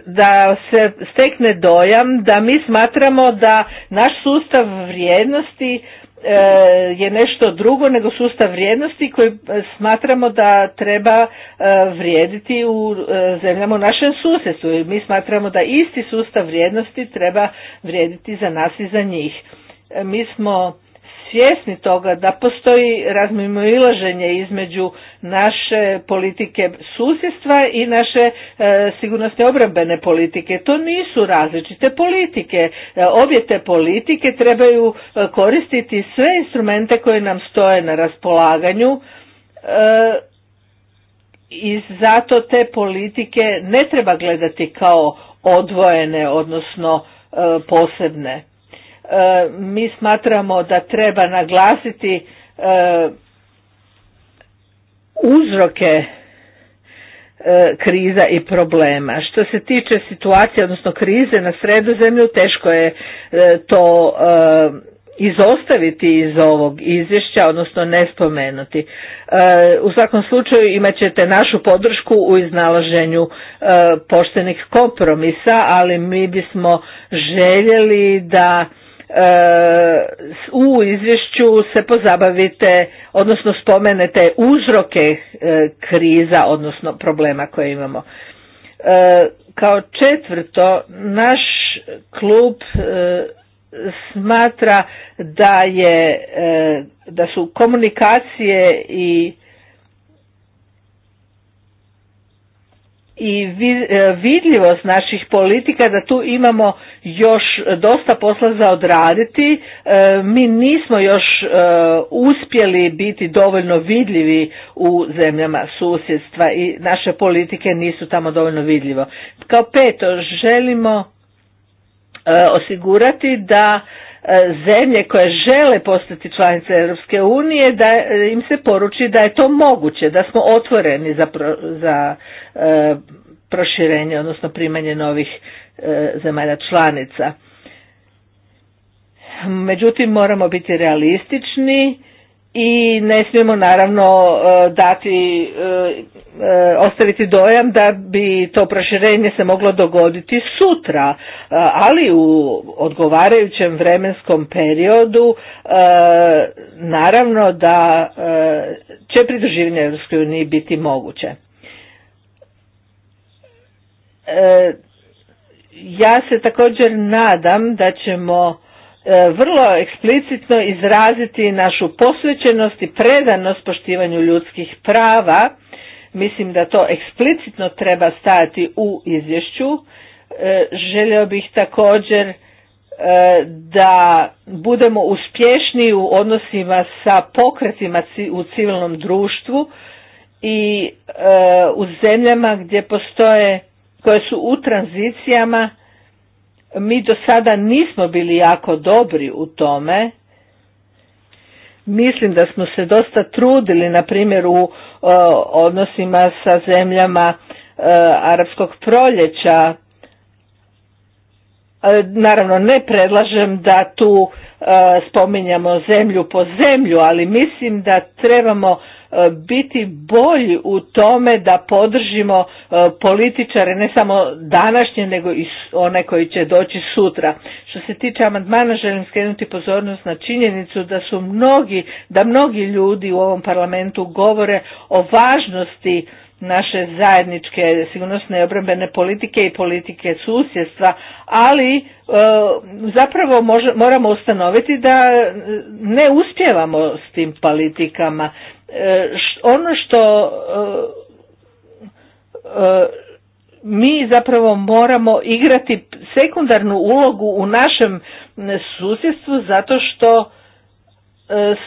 da se stekne dojam da mi smatramo da naš sustav vrijednosti e, je nešto drugo nego sustav vrijednosti koji smatramo da treba e, vrijediti u e, zemljama u našem susjedstvu i mi smatramo da isti sustav vrijednosti treba vrijediti za nas i za njih. Mi smo svjesni toga da postoji razmimoilaženje između naše politike susjedstva i naše e, sigurnosne obrambene politike. To nisu različite politike. E, obje te politike trebaju e, koristiti sve instrumente koje nam stoje na raspolaganju i zato te politike ne treba gledati kao odvojene, odnosno posebne. E, mi smatramo da treba naglasiti e, uzroke e, kriza i problema. Što se tiče situacije, odnosno krize na sredozemlju, teško je to izostaviti iz ovog izvješća, odnosno ne spomenuti. U svakom slučaju imat ćete našu podršku u iznalaženju poštenih kompromisa, ali mi bismo željeli da E, u izvješću se pozabavite, odnosno spomenete uzroke e, kriza, odnosno problema koje imamo. E, kao četvrto, naš klub smatra da je da su komunikacije i i e, vidljivost naših politika da tu imamo još dosta posla za odraditi. E, mi nismo još e, uspjeli biti dovoljno vidljivi u zemljama susjedstva i naše politike nisu tamo dovoljno vidljivo. Kao peto, želimo osigurati da E, zemlje koje žele postati članice Europske unije da e, im se poruči da je to moguće, da smo otvoreni za, pro, za e, proširenje, odnosno primanje novih zemalja članica. Međutim, moramo biti realistični i ne smijemo naravno dati E, ostaviti dojam da bi to proširenje se moglo dogoditi sutra, e, ali u odgovarajućem vremenskom periodu e, naravno da će pridruživanje EU biti moguće. Ja se također nadam da ćemo vrlo eksplicitno izraziti našu posvećenost i predanost poštivanju ljudskih prava Mislim da to eksplicitno treba stajati u izvješću. E, želio bih također e, da budemo uspješniji u odnosima sa pokretima u civilnom društvu i e, u zemljama gdje postoje, koje su u tranzicijama, mi do sada nismo bili jako dobri u tome Mislim da smo se dosta trudili, na primjer, u odnosima sa zemljama e, arapskog proljeća. E, naravno, ne predlažem da tu e, spominjamo zemlju po zemlju, ali mislim da trebamo E, biti bolji u tome da podržimo e, političare, ne samo današnje, nego i one koji će doći sutra. Što se tiče amandmana, želim skrenuti pozornost na činjenicu da su mnogi, da mnogi ljudi u ovom parlamentu govore o važnosti naše zajedničke sigurnosne i obrambene politike i politike susjedstva, ali e, zapravo moramo ustanoviti da ne uspjevamo s tim politikama. E, ono što e, e, mi zapravo moramo igrati sekundarnu ulogu u našem susjedstvu zato što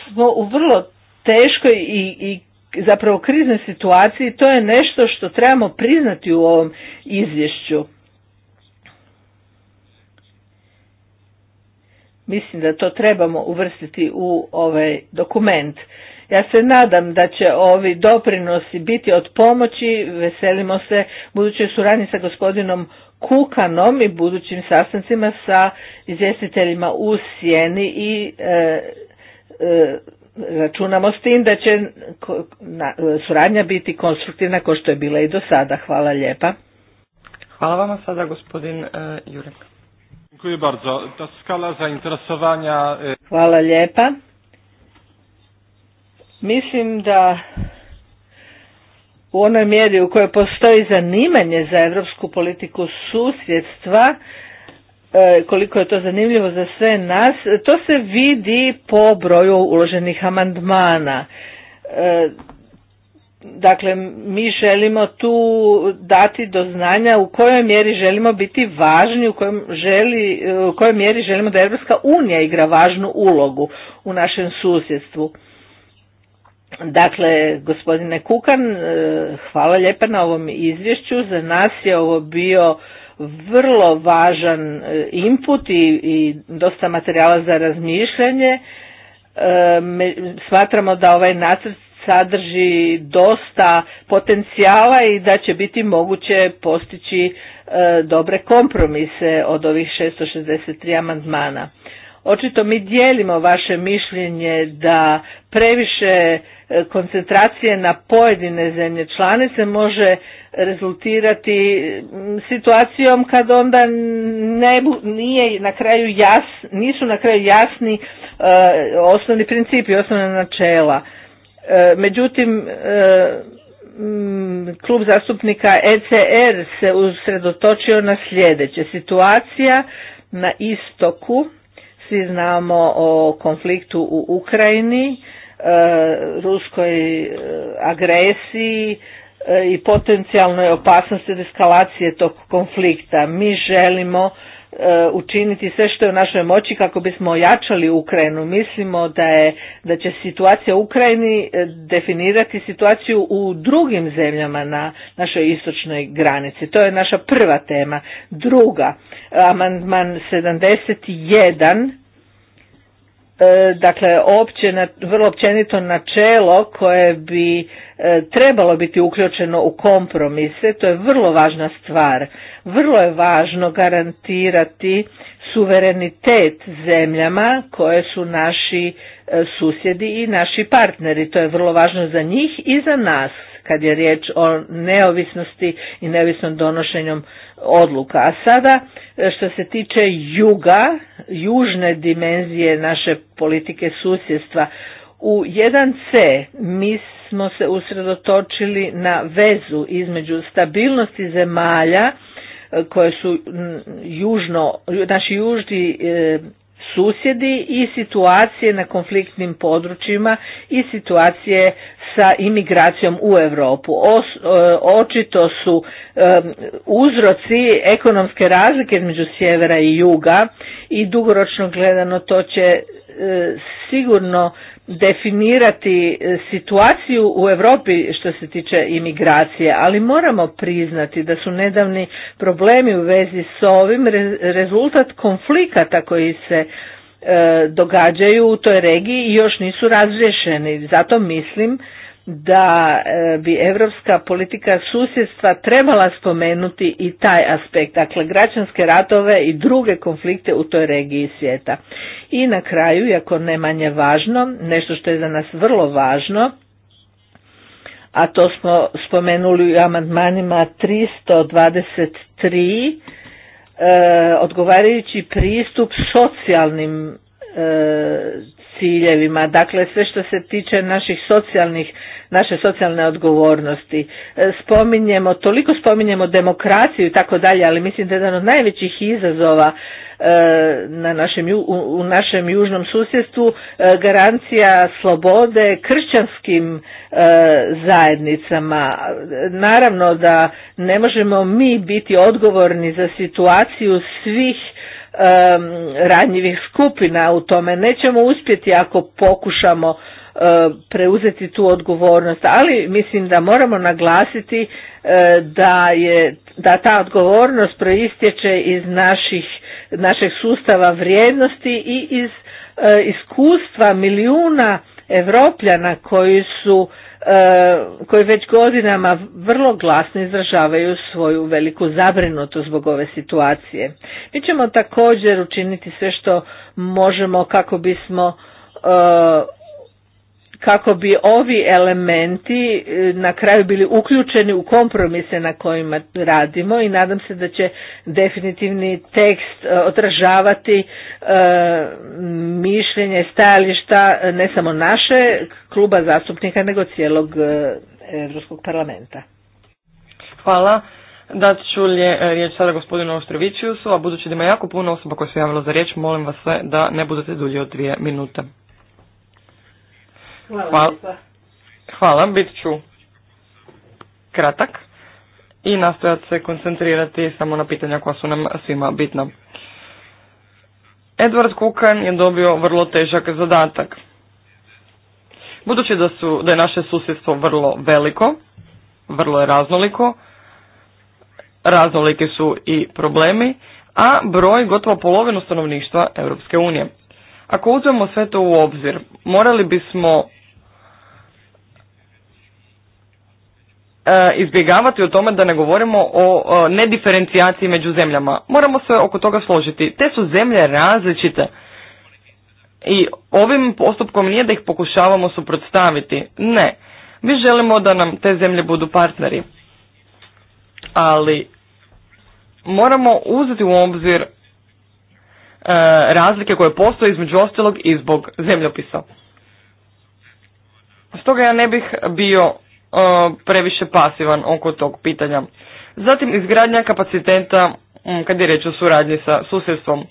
smo u vrlo teškoj i, i zapravo kriznoj situaciji to je nešto što trebamo priznati u ovom izvješću mislim da to trebamo uvrstiti u ovaj dokument ja se nadam da će ovi doprinosi biti od pomoći, veselimo se budućoj suradnji sa gospodinom Kukanom i budućim sastancima sa izvjestiteljima u Sjeni i e, e, računamo s tim da će suradnja biti konstruktivna kao što je bila i do sada. Hvala lijepa. Hvala vama sada gospodin e, Jurek. Dziękuję bardzo. Ta skala zainteresowania... Hvala lijepa. Mislim da u onoj mjeri u kojoj postoji zanimanje za europsku politiku susjedstva, e, koliko je to zanimljivo za sve nas, to se vidi po broju uloženih amandmana. E, dakle, mi želimo tu dati do znanja u kojoj mjeri želimo biti važni, u, kojem želi, u kojoj mjeri želimo da Europska unija igra važnu ulogu u našem susjedstvu. Dakle, gospodine Kukan, e, hvala lijepa na ovom izvješću. Za nas je ovo bio vrlo važan e, input i, i dosta materijala za razmišljanje. E, smatramo da ovaj nacrt sadrži dosta potencijala i da će biti moguće postići e, dobre kompromise od ovih 663 amandmana. Očito mi dijelimo vaše mišljenje da previše e, koncentracije na pojedine zemlje članice može rezultirati situacijom kad onda ne, nije na kraju jas, nisu na kraju jasni e, osnovni principi, osnovna načela. E, međutim, klub zastupnika ECR se usredotočio na sljedeće. Situacija na istoku svi znamo o konfliktu u Ukrajini, e, ruskoj e, agresiji e, i potencijalnoj opasnosti od eskalacije tog konflikta. Mi želimo E, učiniti sve što je u našoj moći kako bismo ojačali Ukrajinu. Mislimo da, je, da će situacija u Ukrajini e, definirati situaciju u drugim zemljama na našoj istočnoj granici. To je naša prva tema. Druga, amandman 71 E, dakle opće, vrlo općenito načelo koje bi e, trebalo biti uključeno u kompromise, to je vrlo važna stvar. Vrlo je važno garantirati suverenitet zemljama koje su naši e, susjedi i naši partneri. To je vrlo važno za njih i za nas kad je riječ o neovisnosti i neovisnom donošenjem odluka. A sada e, što se tiče juga, južne dimenzije naše politike susjedstva, u 1C mi smo se usredotočili na vezu između stabilnosti zemalja e, koje su južno, naši južni e, susjedi i situacije na konfliktnim područjima i situacije sa imigracijom u Europu. E, očito su e, uzroci ekonomske razlike između sjevera i juga i dugoročno gledano to će e, sigurno definirati situaciju u Europi što se tiče imigracije, ali moramo priznati da su nedavni problemi u vezi s ovim rezultat konflikata koji se događaju u toj regiji i još nisu razriješeni. Zato mislim da e, bi europska politika susjedstva trebala spomenuti i taj aspekt, dakle građanske ratove i druge konflikte u toj regiji svijeta. I na kraju, iako ne manje važno, nešto što je za nas vrlo važno, a to smo spomenuli u amandmanima 323, e, odgovarajući pristup socijalnim e, ciljevima. Dakle, sve što se tiče naših socijalnih naše socijalne odgovornosti. E, spominjemo, toliko spominjemo demokraciju i tako dalje, ali mislim da je jedan od najvećih izazova e, na našem, u našem južnom susjedstvu e, garancija slobode kršćanskim zajednicama. Naravno da ne možemo mi biti odgovorni za situaciju svih ranjivih skupina u tome. Nećemo uspjeti ako pokušamo E, preuzeti tu odgovornost, ali mislim da moramo naglasiti e, da je da ta odgovornost proistječe iz naših, našeg sustava vrijednosti i iz e, iskustva milijuna Evropljana koji su koji već godinama vrlo glasno izražavaju svoju veliku zabrinutost zbog ove situacije. Mi ćemo također učiniti sve što možemo kako bismo kako bi ovi elementi e, na kraju bili uključeni u kompromise na kojima radimo i nadam se da će definitivni tekst e, odražavati e, mišljenje stajališta ne samo naše kluba zastupnika nego cijelog Europskog parlamenta. Hvala. Dat ću riječ sada gospodinu ostroviću a budući da ima jako puno osoba koje se javila za riječ, molim vas sve da ne budete dulje od dvije minute. Hvala. Pa, hvala, bit ću kratak i nastojat se koncentrirati samo na pitanja koja su nam svima bitna. Edward Kukan je dobio vrlo težak zadatak. Budući da, su, da je naše susjedstvo vrlo veliko, vrlo je raznoliko, raznolike su i problemi, a broj gotovo polovinu stanovništva Europske unije. Ako uzmemo sve to u obzir, morali bismo E, izbjegavati o tome da ne govorimo o e, nediferencijaciji među zemljama. Moramo se oko toga složiti. Te su zemlje različite. I ovim postupkom nije da ih pokušavamo suprotstaviti. Ne. Mi želimo da nam te zemlje budu partneri. Ali moramo uzeti u obzir e, razlike koje postoje između ostalog i zbog zemljopisa. Stoga ja ne bih bio E, previše pasivan oko tog pitanja. Zatim izgradnja kapaciteta kad je reč o suradnji sa susjedstvom.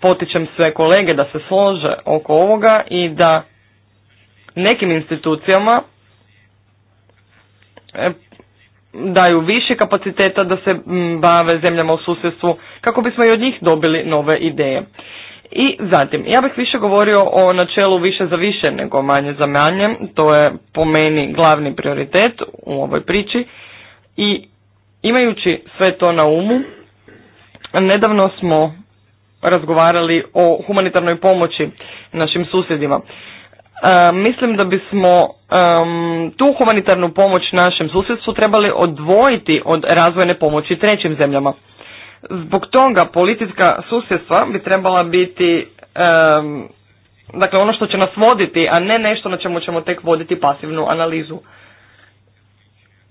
Potičem sve kolege da se slože oko ovoga i da nekim institucijama e, daju više kapaciteta da se bave zemljama u susjedstvu kako bismo i od njih dobili nove ideje. I zatim, ja bih više govorio o načelu više za više nego manje za manje, to je po meni glavni prioritet u ovoj priči i imajući sve to na umu, nedavno smo razgovarali o humanitarnoj pomoći našim susjedima. E, mislim da bismo tu humanitarnu pomoć našem susjedstvu trebali odvojiti od razvojne pomoći trećim zemljama. Zbog toga politika susjedstva bi trebala biti dakle ono što će nas voditi, a ne nešto na čemu ćemo tek voditi pasivnu analizu.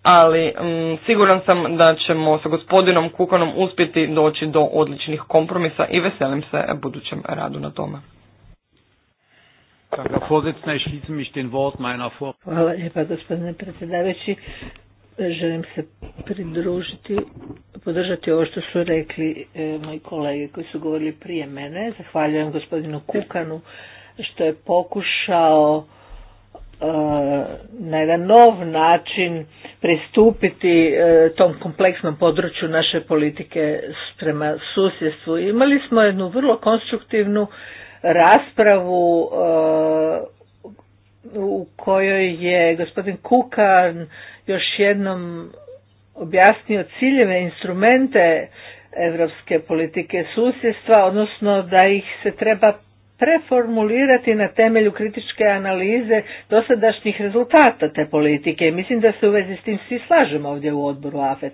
Ali mm, siguran sam da ćemo sa gospodinom Kukanom uspjeti doći do odličnih kompromisa i veselim se budućem radu na tome. Hvala lijepa gospodine predsjedavajući želim se pridružiti, podržati ovo što su rekli e, moji kolege koji su govorili prije mene. Zahvaljujem gospodinu Kukanu što je pokušao e, na jedan nov način pristupiti e, tom kompleksnom području naše politike prema susjedstvu. Imali smo jednu vrlo konstruktivnu raspravu u kojoj je gospodin Kukan još jednom objasnio ciljeve instrumente europske politike susjedstva, odnosno da ih se treba preformulirati na temelju kritičke analize dosadašnjih rezultata te politike. Mislim da se u vezi s tim svi slažemo ovdje u odboru AFET.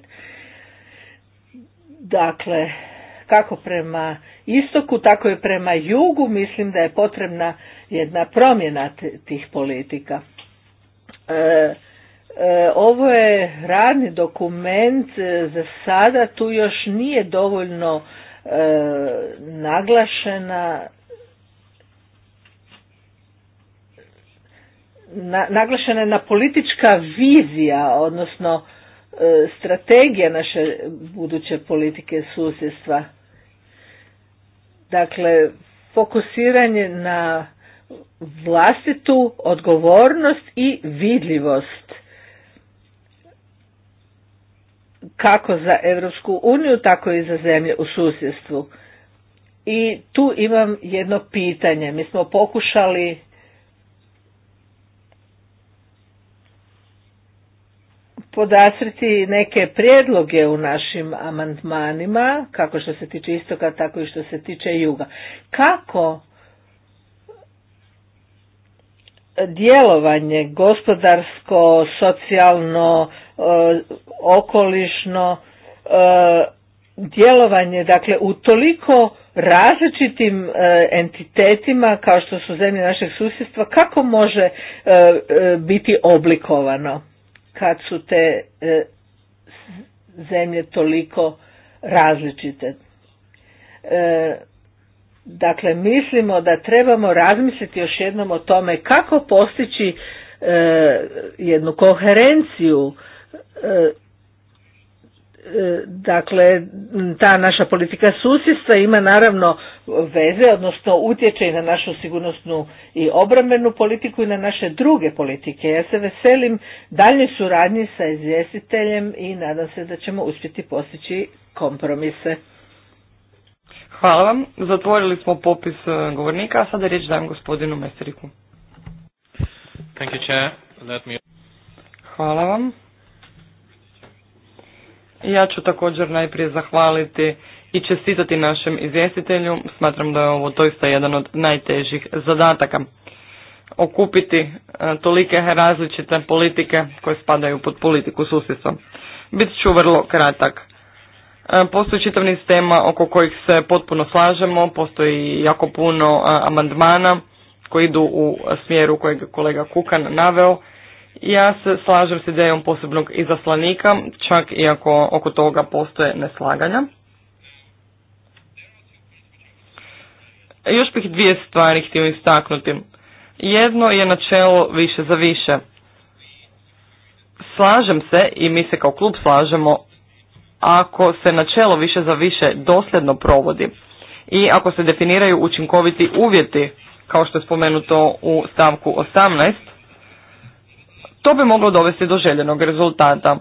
Dakle, kako prema istoku, tako i prema jugu, mislim da je potrebna jedna promjena tih politika. E, e, ovo je radni dokument, e, za sada tu još nije dovoljno naglašena na, naglašena je na politička vizija, odnosno strategija naše buduće politike susjedstva. Dakle, fokusiranje na vlastitu odgovornost i vidljivost kako za Europsku uniju, tako i za zemlje u susjedstvu. I tu imam jedno pitanje. Mi smo pokušali podastriti neke prijedloge u našim amandmanima, kako što se tiče istoka, tako i što se tiče juga. Kako djelovanje gospodarsko, socijalno, e, okolišno, e, djelovanje dakle u toliko različitim e, entitetima kao što su zemlje našeg susjedstva, kako može biti oblikovano? kad su te e, zemlje toliko različite. E, dakle, mislimo da trebamo razmisliti još jednom o tome kako postići e, jednu koherenciju Dakle, ta naša politika susjedstva ima naravno veze, odnosno utječe i na našu sigurnosnu i obrambenu politiku i na naše druge politike. Ja se veselim dalje suradnji sa izvjestiteljem i nadam se da ćemo uspjeti postići kompromise. Hvala vam. Zatvorili smo popis e, govornika, a sada riječ dajem gospodinu Mesteriku. Hvala vam. Ja ću također najprije zahvaliti i čestitati našem izvjestitelju. Smatram da je ovo doista jedan od najtežih zadataka. Okupiti e, tolike različite politike koje spadaju pod politiku susjedstva. Bit ću vrlo kratak. E, postoji čitav niz tema oko kojih se potpuno slažemo, postoji jako puno e, amandmana koji idu u smjeru kojeg kolega Kukan naveo. Ja se slažem s idejom posebnog izaslanika, čak i ako oko toga postoje neslaganja. Još bih dvije stvari htio istaknuti. Jedno je načelo više za više. Slažem se i mi se kao klub slažemo ako se načelo više za više dosljedno provodi i ako se definiraju učinkoviti uvjeti, kao što je spomenuto u stavku 18, to bi moglo dovesti do željenog rezultata.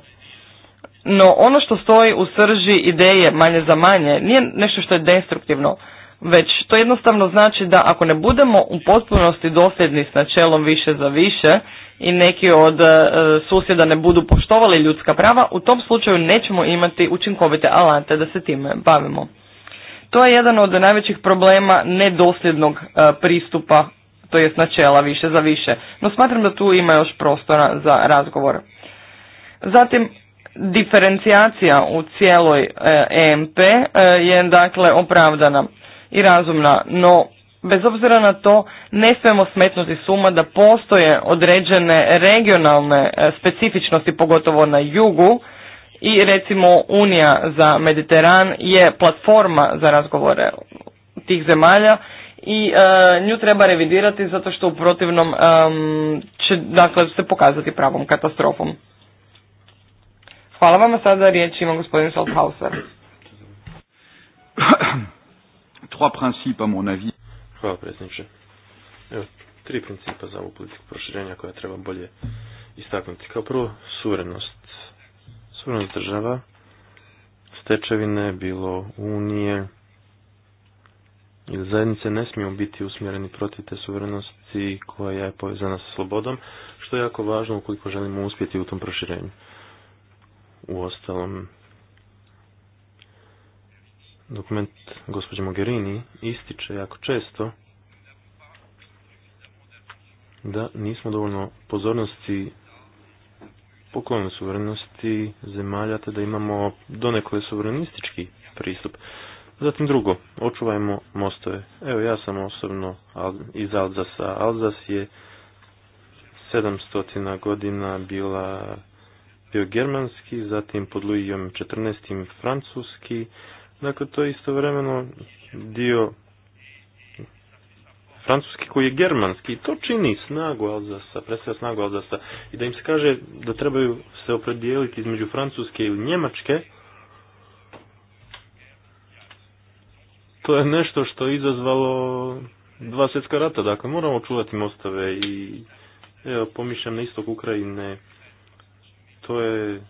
No ono što stoji u srži ideje manje za manje nije nešto što je destruktivno, već to jednostavno znači da ako ne budemo u potpunosti dosljedni s načelom više za više i neki od e, susjeda ne budu poštovali ljudska prava, u tom slučaju nećemo imati učinkovite alate da se time bavimo. To je jedan od najvećih problema nedosljednog e, pristupa to jest načela više za više. No smatram da tu ima još prostora za razgovor. Zatim, diferencijacija u cijeloj EMP e e, je dakle opravdana i razumna, no bez obzira na to ne smijemo smetnuti suma da postoje određene regionalne e, specifičnosti, pogotovo na jugu, i recimo Unija za Mediteran je platforma za razgovore tih zemalja i e, nju treba revidirati zato što u protivnom će dakle se pokazati pravom katastrofom. Hvala vam, sada riječ ima gospodin Schalthauser. <clears throat> Trois principes, à mon avis. Hvala predsjedniče. Evo, tri principa za ovu politiku proširenja koja treba bolje istaknuti. Kao prvo, suverenost. Suverenost država, stečevine, bilo unije, zajednice ne smiju biti usmjereni protiv te suverenosti koja je povezana sa slobodom, što je jako važno ukoliko želimo uspjeti u tom proširenju. U ostalom, dokument gospođe Mogherini ističe jako često da nismo dovoljno pozornosti poklonili suverenosti zemalja, te da imamo donekle suverenistički pristup. Zatim drugo, očuvajmo mostove. Evo ja sam osobno iz Alzasa. Alzas je 700 godina bila bio germanski, zatim pod Luijom 14. francuski. Dakle, to je istovremeno dio francuski koji je germanski to čini snagu Alzasa, predstavlja snagu Alzasa i da im se kaže da trebaju se opredijeliti između francuske i njemačke, to je nešto što je izazvalo dva svjetska rata, dakle moramo čuvati mostove i evo pomišljam na istok Ukrajine, to je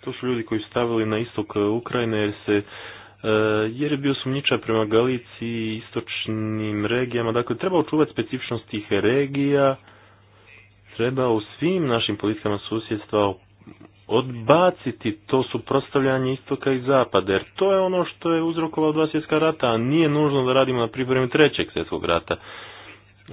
to su ljudi koji su stavili na istok Ukrajine jer se e, jer je bio sumničaj prema Galiciji i istočnim regijama. Dakle, treba očuvati specifičnost tih regija, treba u svim našim politikama susjedstva odbaciti to suprotstavljanje istoka i zapada, jer to je ono što je uzrokovalo dva svjetska rata, a nije nužno da radimo na pripremi trećeg svjetskog rata.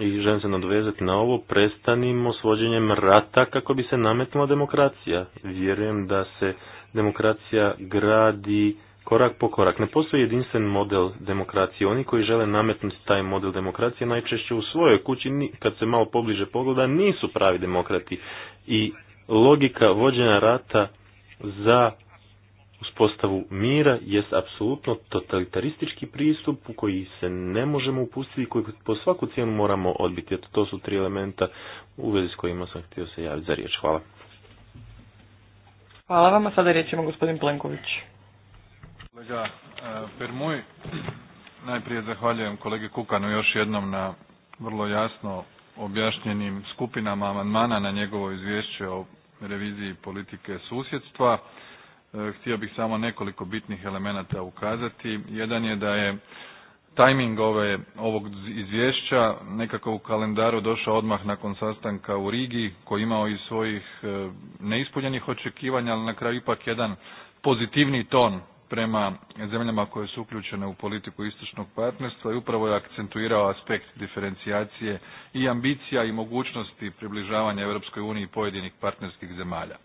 I želim se nadovezati na ovo, prestanimo s vođenjem rata kako bi se nametnula demokracija. Vjerujem da se demokracija gradi korak po korak. Ne postoji jedinstven model demokracije. Oni koji žele nametnuti taj model demokracije najčešće u svojoj kući, kad se malo pobliže pogleda, nisu pravi demokrati. I logika vođenja rata za uspostavu mira jest apsolutno totalitaristički pristup u koji se ne možemo upustiti i koji po svaku cijenu moramo odbiti. to su tri elementa u vezi s kojima sam htio se javiti za riječ. Hvala. Hvala vam, a sada riječ ima gospodin Plenković. Kolega e, Permuj, najprije zahvaljujem kolegi Kukanu još jednom na vrlo jasno objašnjenim skupinama amandmana na njegovo izvješće o reviziji politike susjedstva. E, htio bih samo nekoliko bitnih elemenata ukazati. Jedan je da je tajming ove, ovog izvješća nekako u kalendaru došao odmah nakon sastanka u Rigi koji imao i svojih e, neispunjenih očekivanja, ali na kraju ipak jedan pozitivni ton prema zemljama koje su uključene u politiku istočnog partnerstva i upravo je akcentuirao aspekt diferencijacije i ambicija i mogućnosti približavanja Europskoj uniji pojedinih partnerskih zemalja.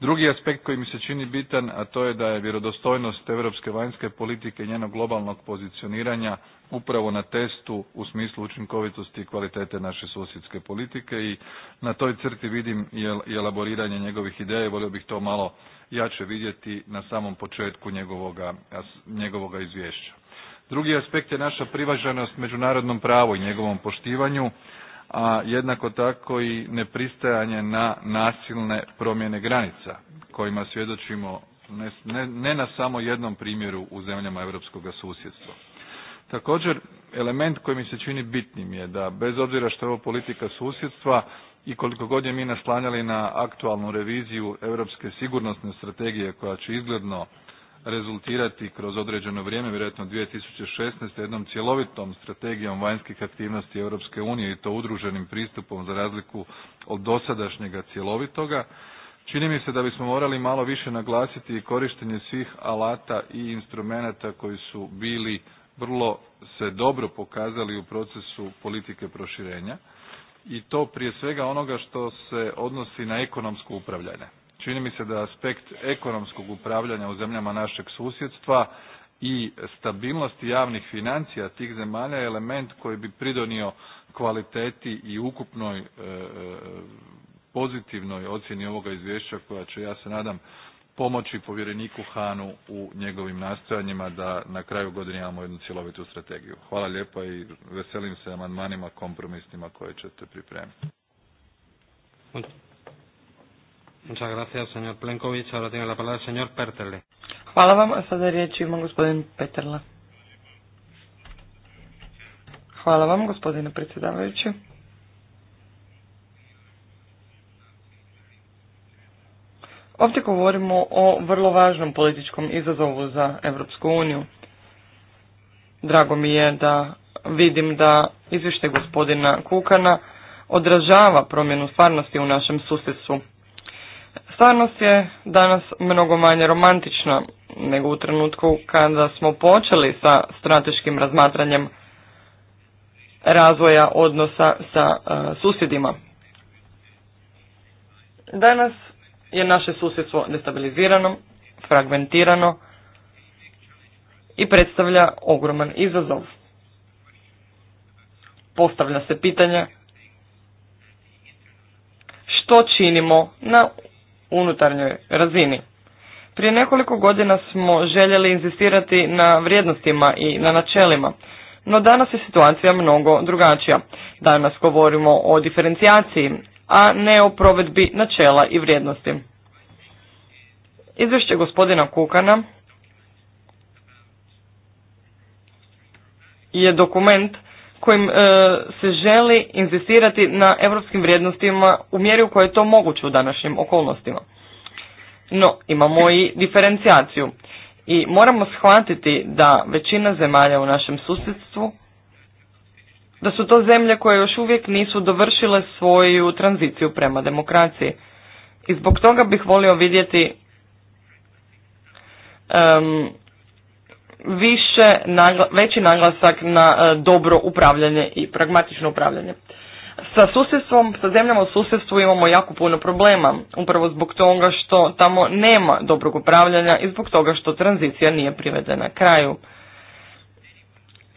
Drugi aspekt koji mi se čini bitan, a to je da je vjerodostojnost europske vanjske politike i njenog globalnog pozicioniranja upravo na testu u smislu učinkovitosti i kvalitete naše susjedske politike i na toj crti vidim i elaboriranje njegovih ideja volio bih to malo jače vidjeti na samom početku njegovoga, izvješća. Drugi aspekt je naša privaženost međunarodnom pravu i njegovom poštivanju, a jednako tako i nepristajanje na nasilne promjene granica kojima svjedočimo ne, ne, na samo jednom primjeru u zemljama europskog susjedstva. Također, element koji mi se čini bitnim je da, bez obzira što je ovo politika susjedstva, i koliko god je mi naslanjali na aktualnu reviziju europske sigurnosne strategije koja će izgledno rezultirati kroz određeno vrijeme, vjerojatno 2016. jednom cjelovitom strategijom vanjskih aktivnosti Europske unije i to udruženim pristupom za razliku od dosadašnjega cjelovitoga, čini mi se da bismo morali malo više naglasiti i korištenje svih alata i instrumenata koji su bili vrlo se dobro pokazali u procesu politike proširenja i to prije svega onoga što se odnosi na ekonomsko upravljanje. Čini mi se da aspekt ekonomskog upravljanja u zemljama našeg susjedstva i stabilnosti javnih financija tih zemalja je element koji bi pridonio kvaliteti i ukupnoj e, e, pozitivnoj ocjeni ovoga izvješća koja će ja se nadam pomoći povjereniku Hanu u njegovim nastojanjima da na kraju godine imamo jednu cjelovitu strategiju. Hvala lijepa i veselim se amandmanima kompromisnima koje ćete pripremiti. Muchas gracias, señor Ahora tiene la palabra Hvala vam, a sada riječ ima gospodin Peterle. Hvala vam, gospodine predsjedavajući. Ovdje govorimo o vrlo važnom političkom izazovu za Europsku uniju. Drago mi je da vidim da izvište gospodina Kukana odražava promjenu stvarnosti u našem susjedstvu. Stvarnost je danas mnogo manje romantična nego u trenutku kada smo počeli sa strateškim razmatranjem razvoja odnosa sa e, susjedima. Danas je naše susjedstvo destabilizirano, fragmentirano i predstavlja ogroman izazov. Postavlja se pitanje što činimo na unutarnjoj razini. Prije nekoliko godina smo željeli inzistirati na vrijednostima i na načelima, no danas je situacija mnogo drugačija. Danas govorimo o diferencijaciji, a ne o provedbi načela i vrijednosti. Izvješće gospodina Kukana je dokument kojim e, se želi inzistirati na europskim vrijednostima u mjeri u kojoj je to moguće u današnjim okolnostima. No, imamo i diferencijaciju i moramo shvatiti da većina zemalja u našem susjedstvu da su to zemlje koje još uvijek nisu dovršile svoju tranziciju prema demokraciji. I zbog toga bih volio vidjeti um, više veći naglasak na e, dobro upravljanje i pragmatično upravljanje. Sa susjedstvom, sa zemljama u susjedstvu imamo jako puno problema, upravo zbog toga što tamo nema dobrog upravljanja i zbog toga što tranzicija nije privedena kraju.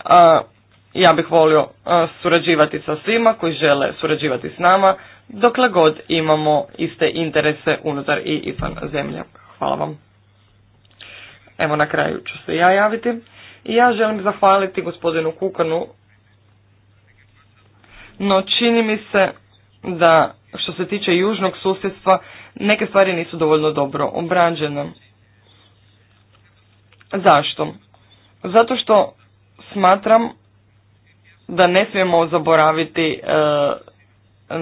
A... Ja bih volio e, surađivati sa svima koji žele surađivati s nama, dokle god imamo iste interese unutar i izvan zemlje. Hvala vam. Evo na kraju ću se ja javiti. I ja želim zahvaliti gospodinu Kukanu, no čini mi se da što se tiče južnog susjedstva neke stvari nisu dovoljno dobro obrađene. Zašto? Zato što smatram da ne smijemo zaboraviti e,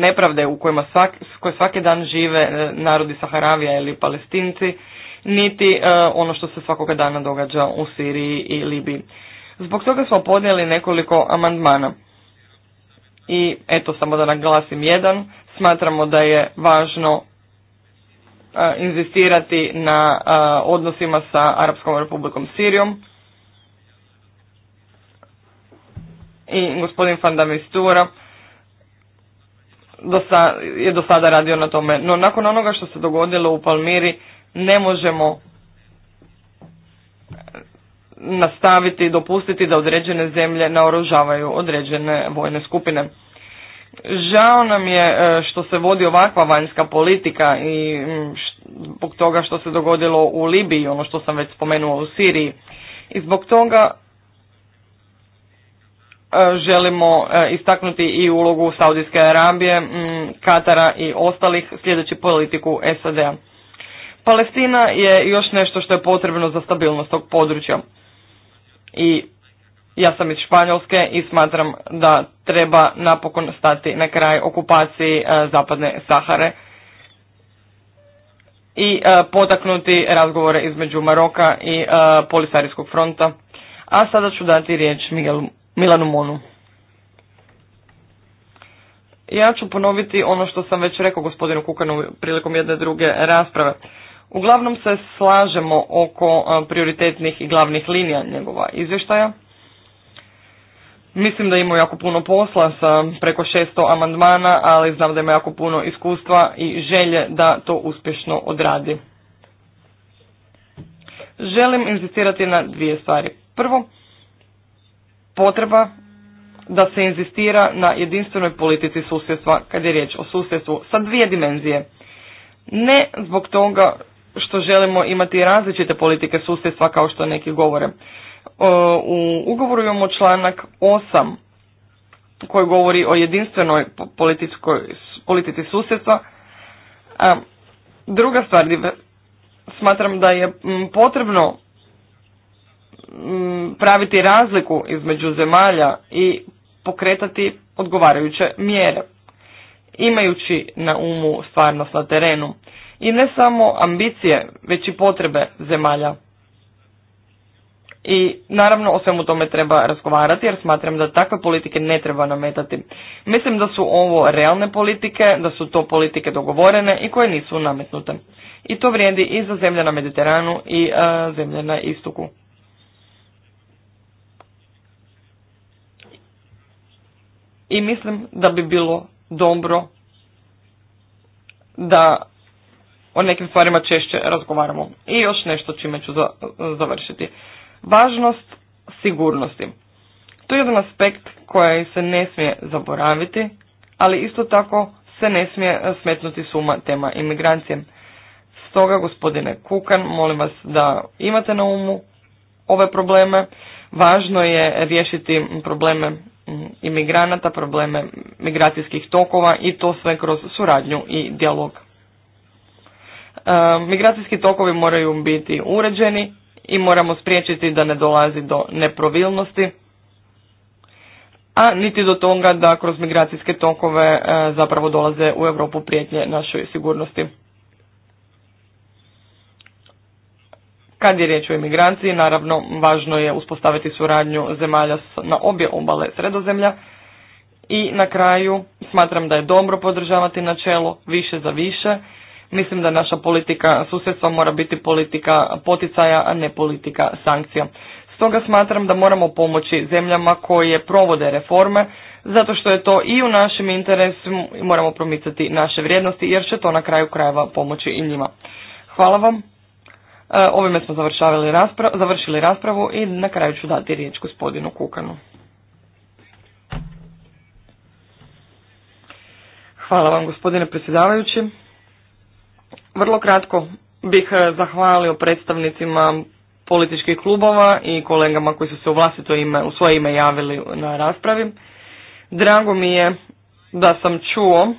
nepravde u kojima svaki, koje svaki dan žive e, narodi Saharavija ili Palestinci, niti e, ono što se svakoga dana događa u Siriji i Libiji. Zbog toga smo podnijeli nekoliko amandmana. I eto samo da naglasim jedan, smatramo da je važno inzistirati na odnosima sa Arapskom republikom Sirijom i gospodin Fandamistura je do sada radio na tome. No nakon onoga što se dogodilo u Palmiri ne možemo eh, nastaviti i dopustiti da određene zemlje naoružavaju određene vojne skupine. Žao nam je eh, što se vodi ovakva vanjska politika i mm, zbog toga što se dogodilo u Libiji, ono što sam već spomenuo u Siriji. I zbog toga E, želimo e, istaknuti i ulogu Saudijske Arabije, Katara i ostalih sljedeći politiku SAD-a. Palestina je još nešto što je potrebno za stabilnost tog područja. I ja sam iz Španjolske i smatram da treba napokon stati na kraj okupaciji e, zapadne Sahare i potaknuti razgovore između Maroka i Polisarijskog fronta. A sada ću dati riječ Miguelu Milanu Monu. Ja ću ponoviti ono što sam već rekao gospodinu Kukanu prilikom jedne druge rasprave. Uglavnom se slažemo oko prioritetnih i glavnih linija njegova izvještaja. Mislim da ima jako puno posla sa preko 600 amandmana, ali znam da ima jako puno iskustva i želje da to uspješno odradi. Želim inzistirati na dvije stvari. Prvo, potreba da se inzistira na jedinstvenoj politici susjedstva kad je riječ o susjedstvu sa dvije dimenzije. Ne zbog toga što želimo imati različite politike susjedstva kao što neki govore. E, u ugovoru imamo članak 8 koji govori o jedinstvenoj politici susjedstva. Druga stvar, smatram da je potrebno Mm, praviti razliku između zemalja i pokretati odgovarajuće mjere, imajući na umu stvarnost na terenu. I ne samo ambicije, već i potrebe zemalja. I naravno o svemu tome treba razgovarati jer smatram da takve politike ne treba nametati. Mislim da su ovo realne politike, da su to politike dogovorene i koje nisu nametnute. I to vrijedi i za zemlje na Mediteranu i zemlja zemlje na istoku. i mislim da bi bilo dobro da o nekim stvarima češće razgovaramo. I još nešto čime ću završiti. Važnost sigurnosti. To je jedan aspekt koji se ne smije zaboraviti, ali isto tako se ne smije smetnuti suma tema imigrancije. Stoga, gospodine Kukan, molim vas da imate na umu ove probleme. Važno je riješiti probleme Mm, imigranata, probleme migracijskih tokova i to sve kroz suradnju i dijalog. E, migracijski tokovi moraju biti uređeni i moramo spriječiti da ne dolazi do nepravilnosti, a niti do toga da kroz migracijske tokove e, zapravo dolaze u Europu prijetnje našoj sigurnosti. Kad je riječ o imigranciji, naravno, važno je uspostaviti suradnju zemalja na obje obale sredozemlja. I na kraju, smatram da je dobro podržavati načelo više za više. Mislim da naša politika susjedstva mora biti politika poticaja, a ne politika sankcija. Stoga smatram da moramo pomoći zemljama koje provode reforme, zato što je to i u našem interesu i moramo promicati naše vrijednosti, jer će to na kraju krajeva pomoći i njima. Hvala vam. E, ovime smo završavali završili raspravu i na kraju ću dati riječ gospodinu Kukanu. Hvala vam gospodine predsjedavajući. Vrlo kratko bih e, zahvalio predstavnicima političkih klubova i kolegama koji su se u vlastito ime, u svoje ime javili na raspravi. Drago mi je da sam čuo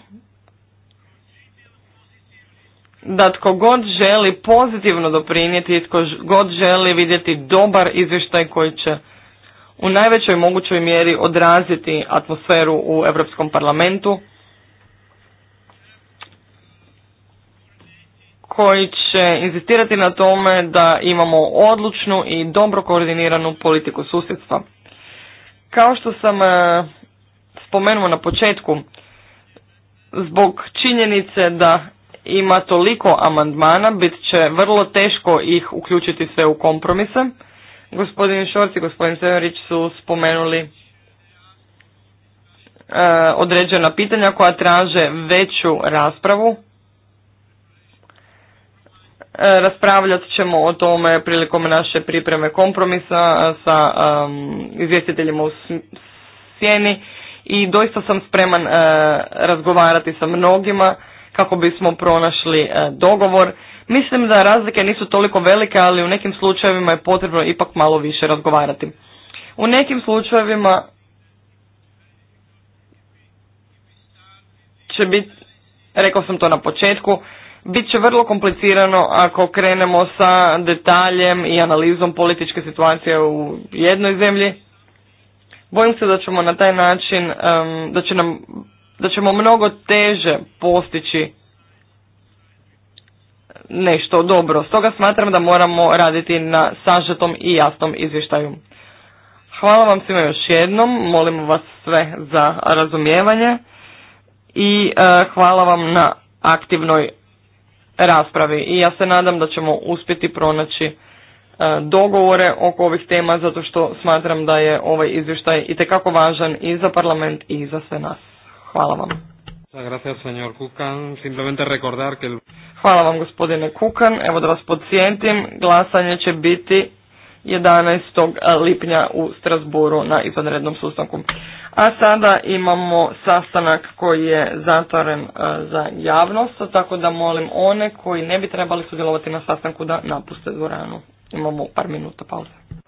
da tko god želi pozitivno doprinijeti i tko god želi vidjeti dobar izvještaj koji će u najvećoj mogućoj mjeri odraziti atmosferu u Europskom parlamentu, koji će inzistirati na tome da imamo odlučnu i dobro koordiniranu politiku susjedstva. Kao što sam e, spomenuo na početku, zbog činjenice da ima toliko amandmana, bit će vrlo teško ih uključiti sve u kompromise. Gospodin Šorc i gospodin Severić su spomenuli e, određena pitanja koja traže veću raspravu. E, raspravljat ćemo o tome prilikom naše pripreme kompromisa sa izvjestiteljima u sjeni i doista sam spreman e, razgovarati sa mnogima kako bismo pronašli e, dogovor. Mislim da razlike nisu toliko velike, ali u nekim slučajevima je potrebno ipak malo više razgovarati. U nekim slučajevima će biti, rekao sam to na početku, bit će vrlo komplicirano ako krenemo sa detaljem i analizom političke situacije u jednoj zemlji. Bojim se da ćemo na taj način, da će nam da ćemo mnogo teže postići nešto dobro. Stoga smatram da moramo raditi na sažetom i jasnom izvještaju. Hvala vam svima još jednom, molim vas sve za razumijevanje i e, hvala vam na aktivnoj raspravi. I ja se nadam da ćemo uspjeti pronaći e, dogovore oko ovih tema zato što smatram da je ovaj izvještaj itekako važan i za parlament i za sve nas. Hvala vam. Hvala vam gospodine Kukan. Evo da vas podsjetim, glasanje će biti 11. lipnja u Strasburu na izvanrednom sustanku. A sada imamo sastanak koji je zatvoren e, za javnost, tako da molim one koji ne bi trebali sudjelovati na sastanku da napuste dvoranu. Imamo par minuta pauze.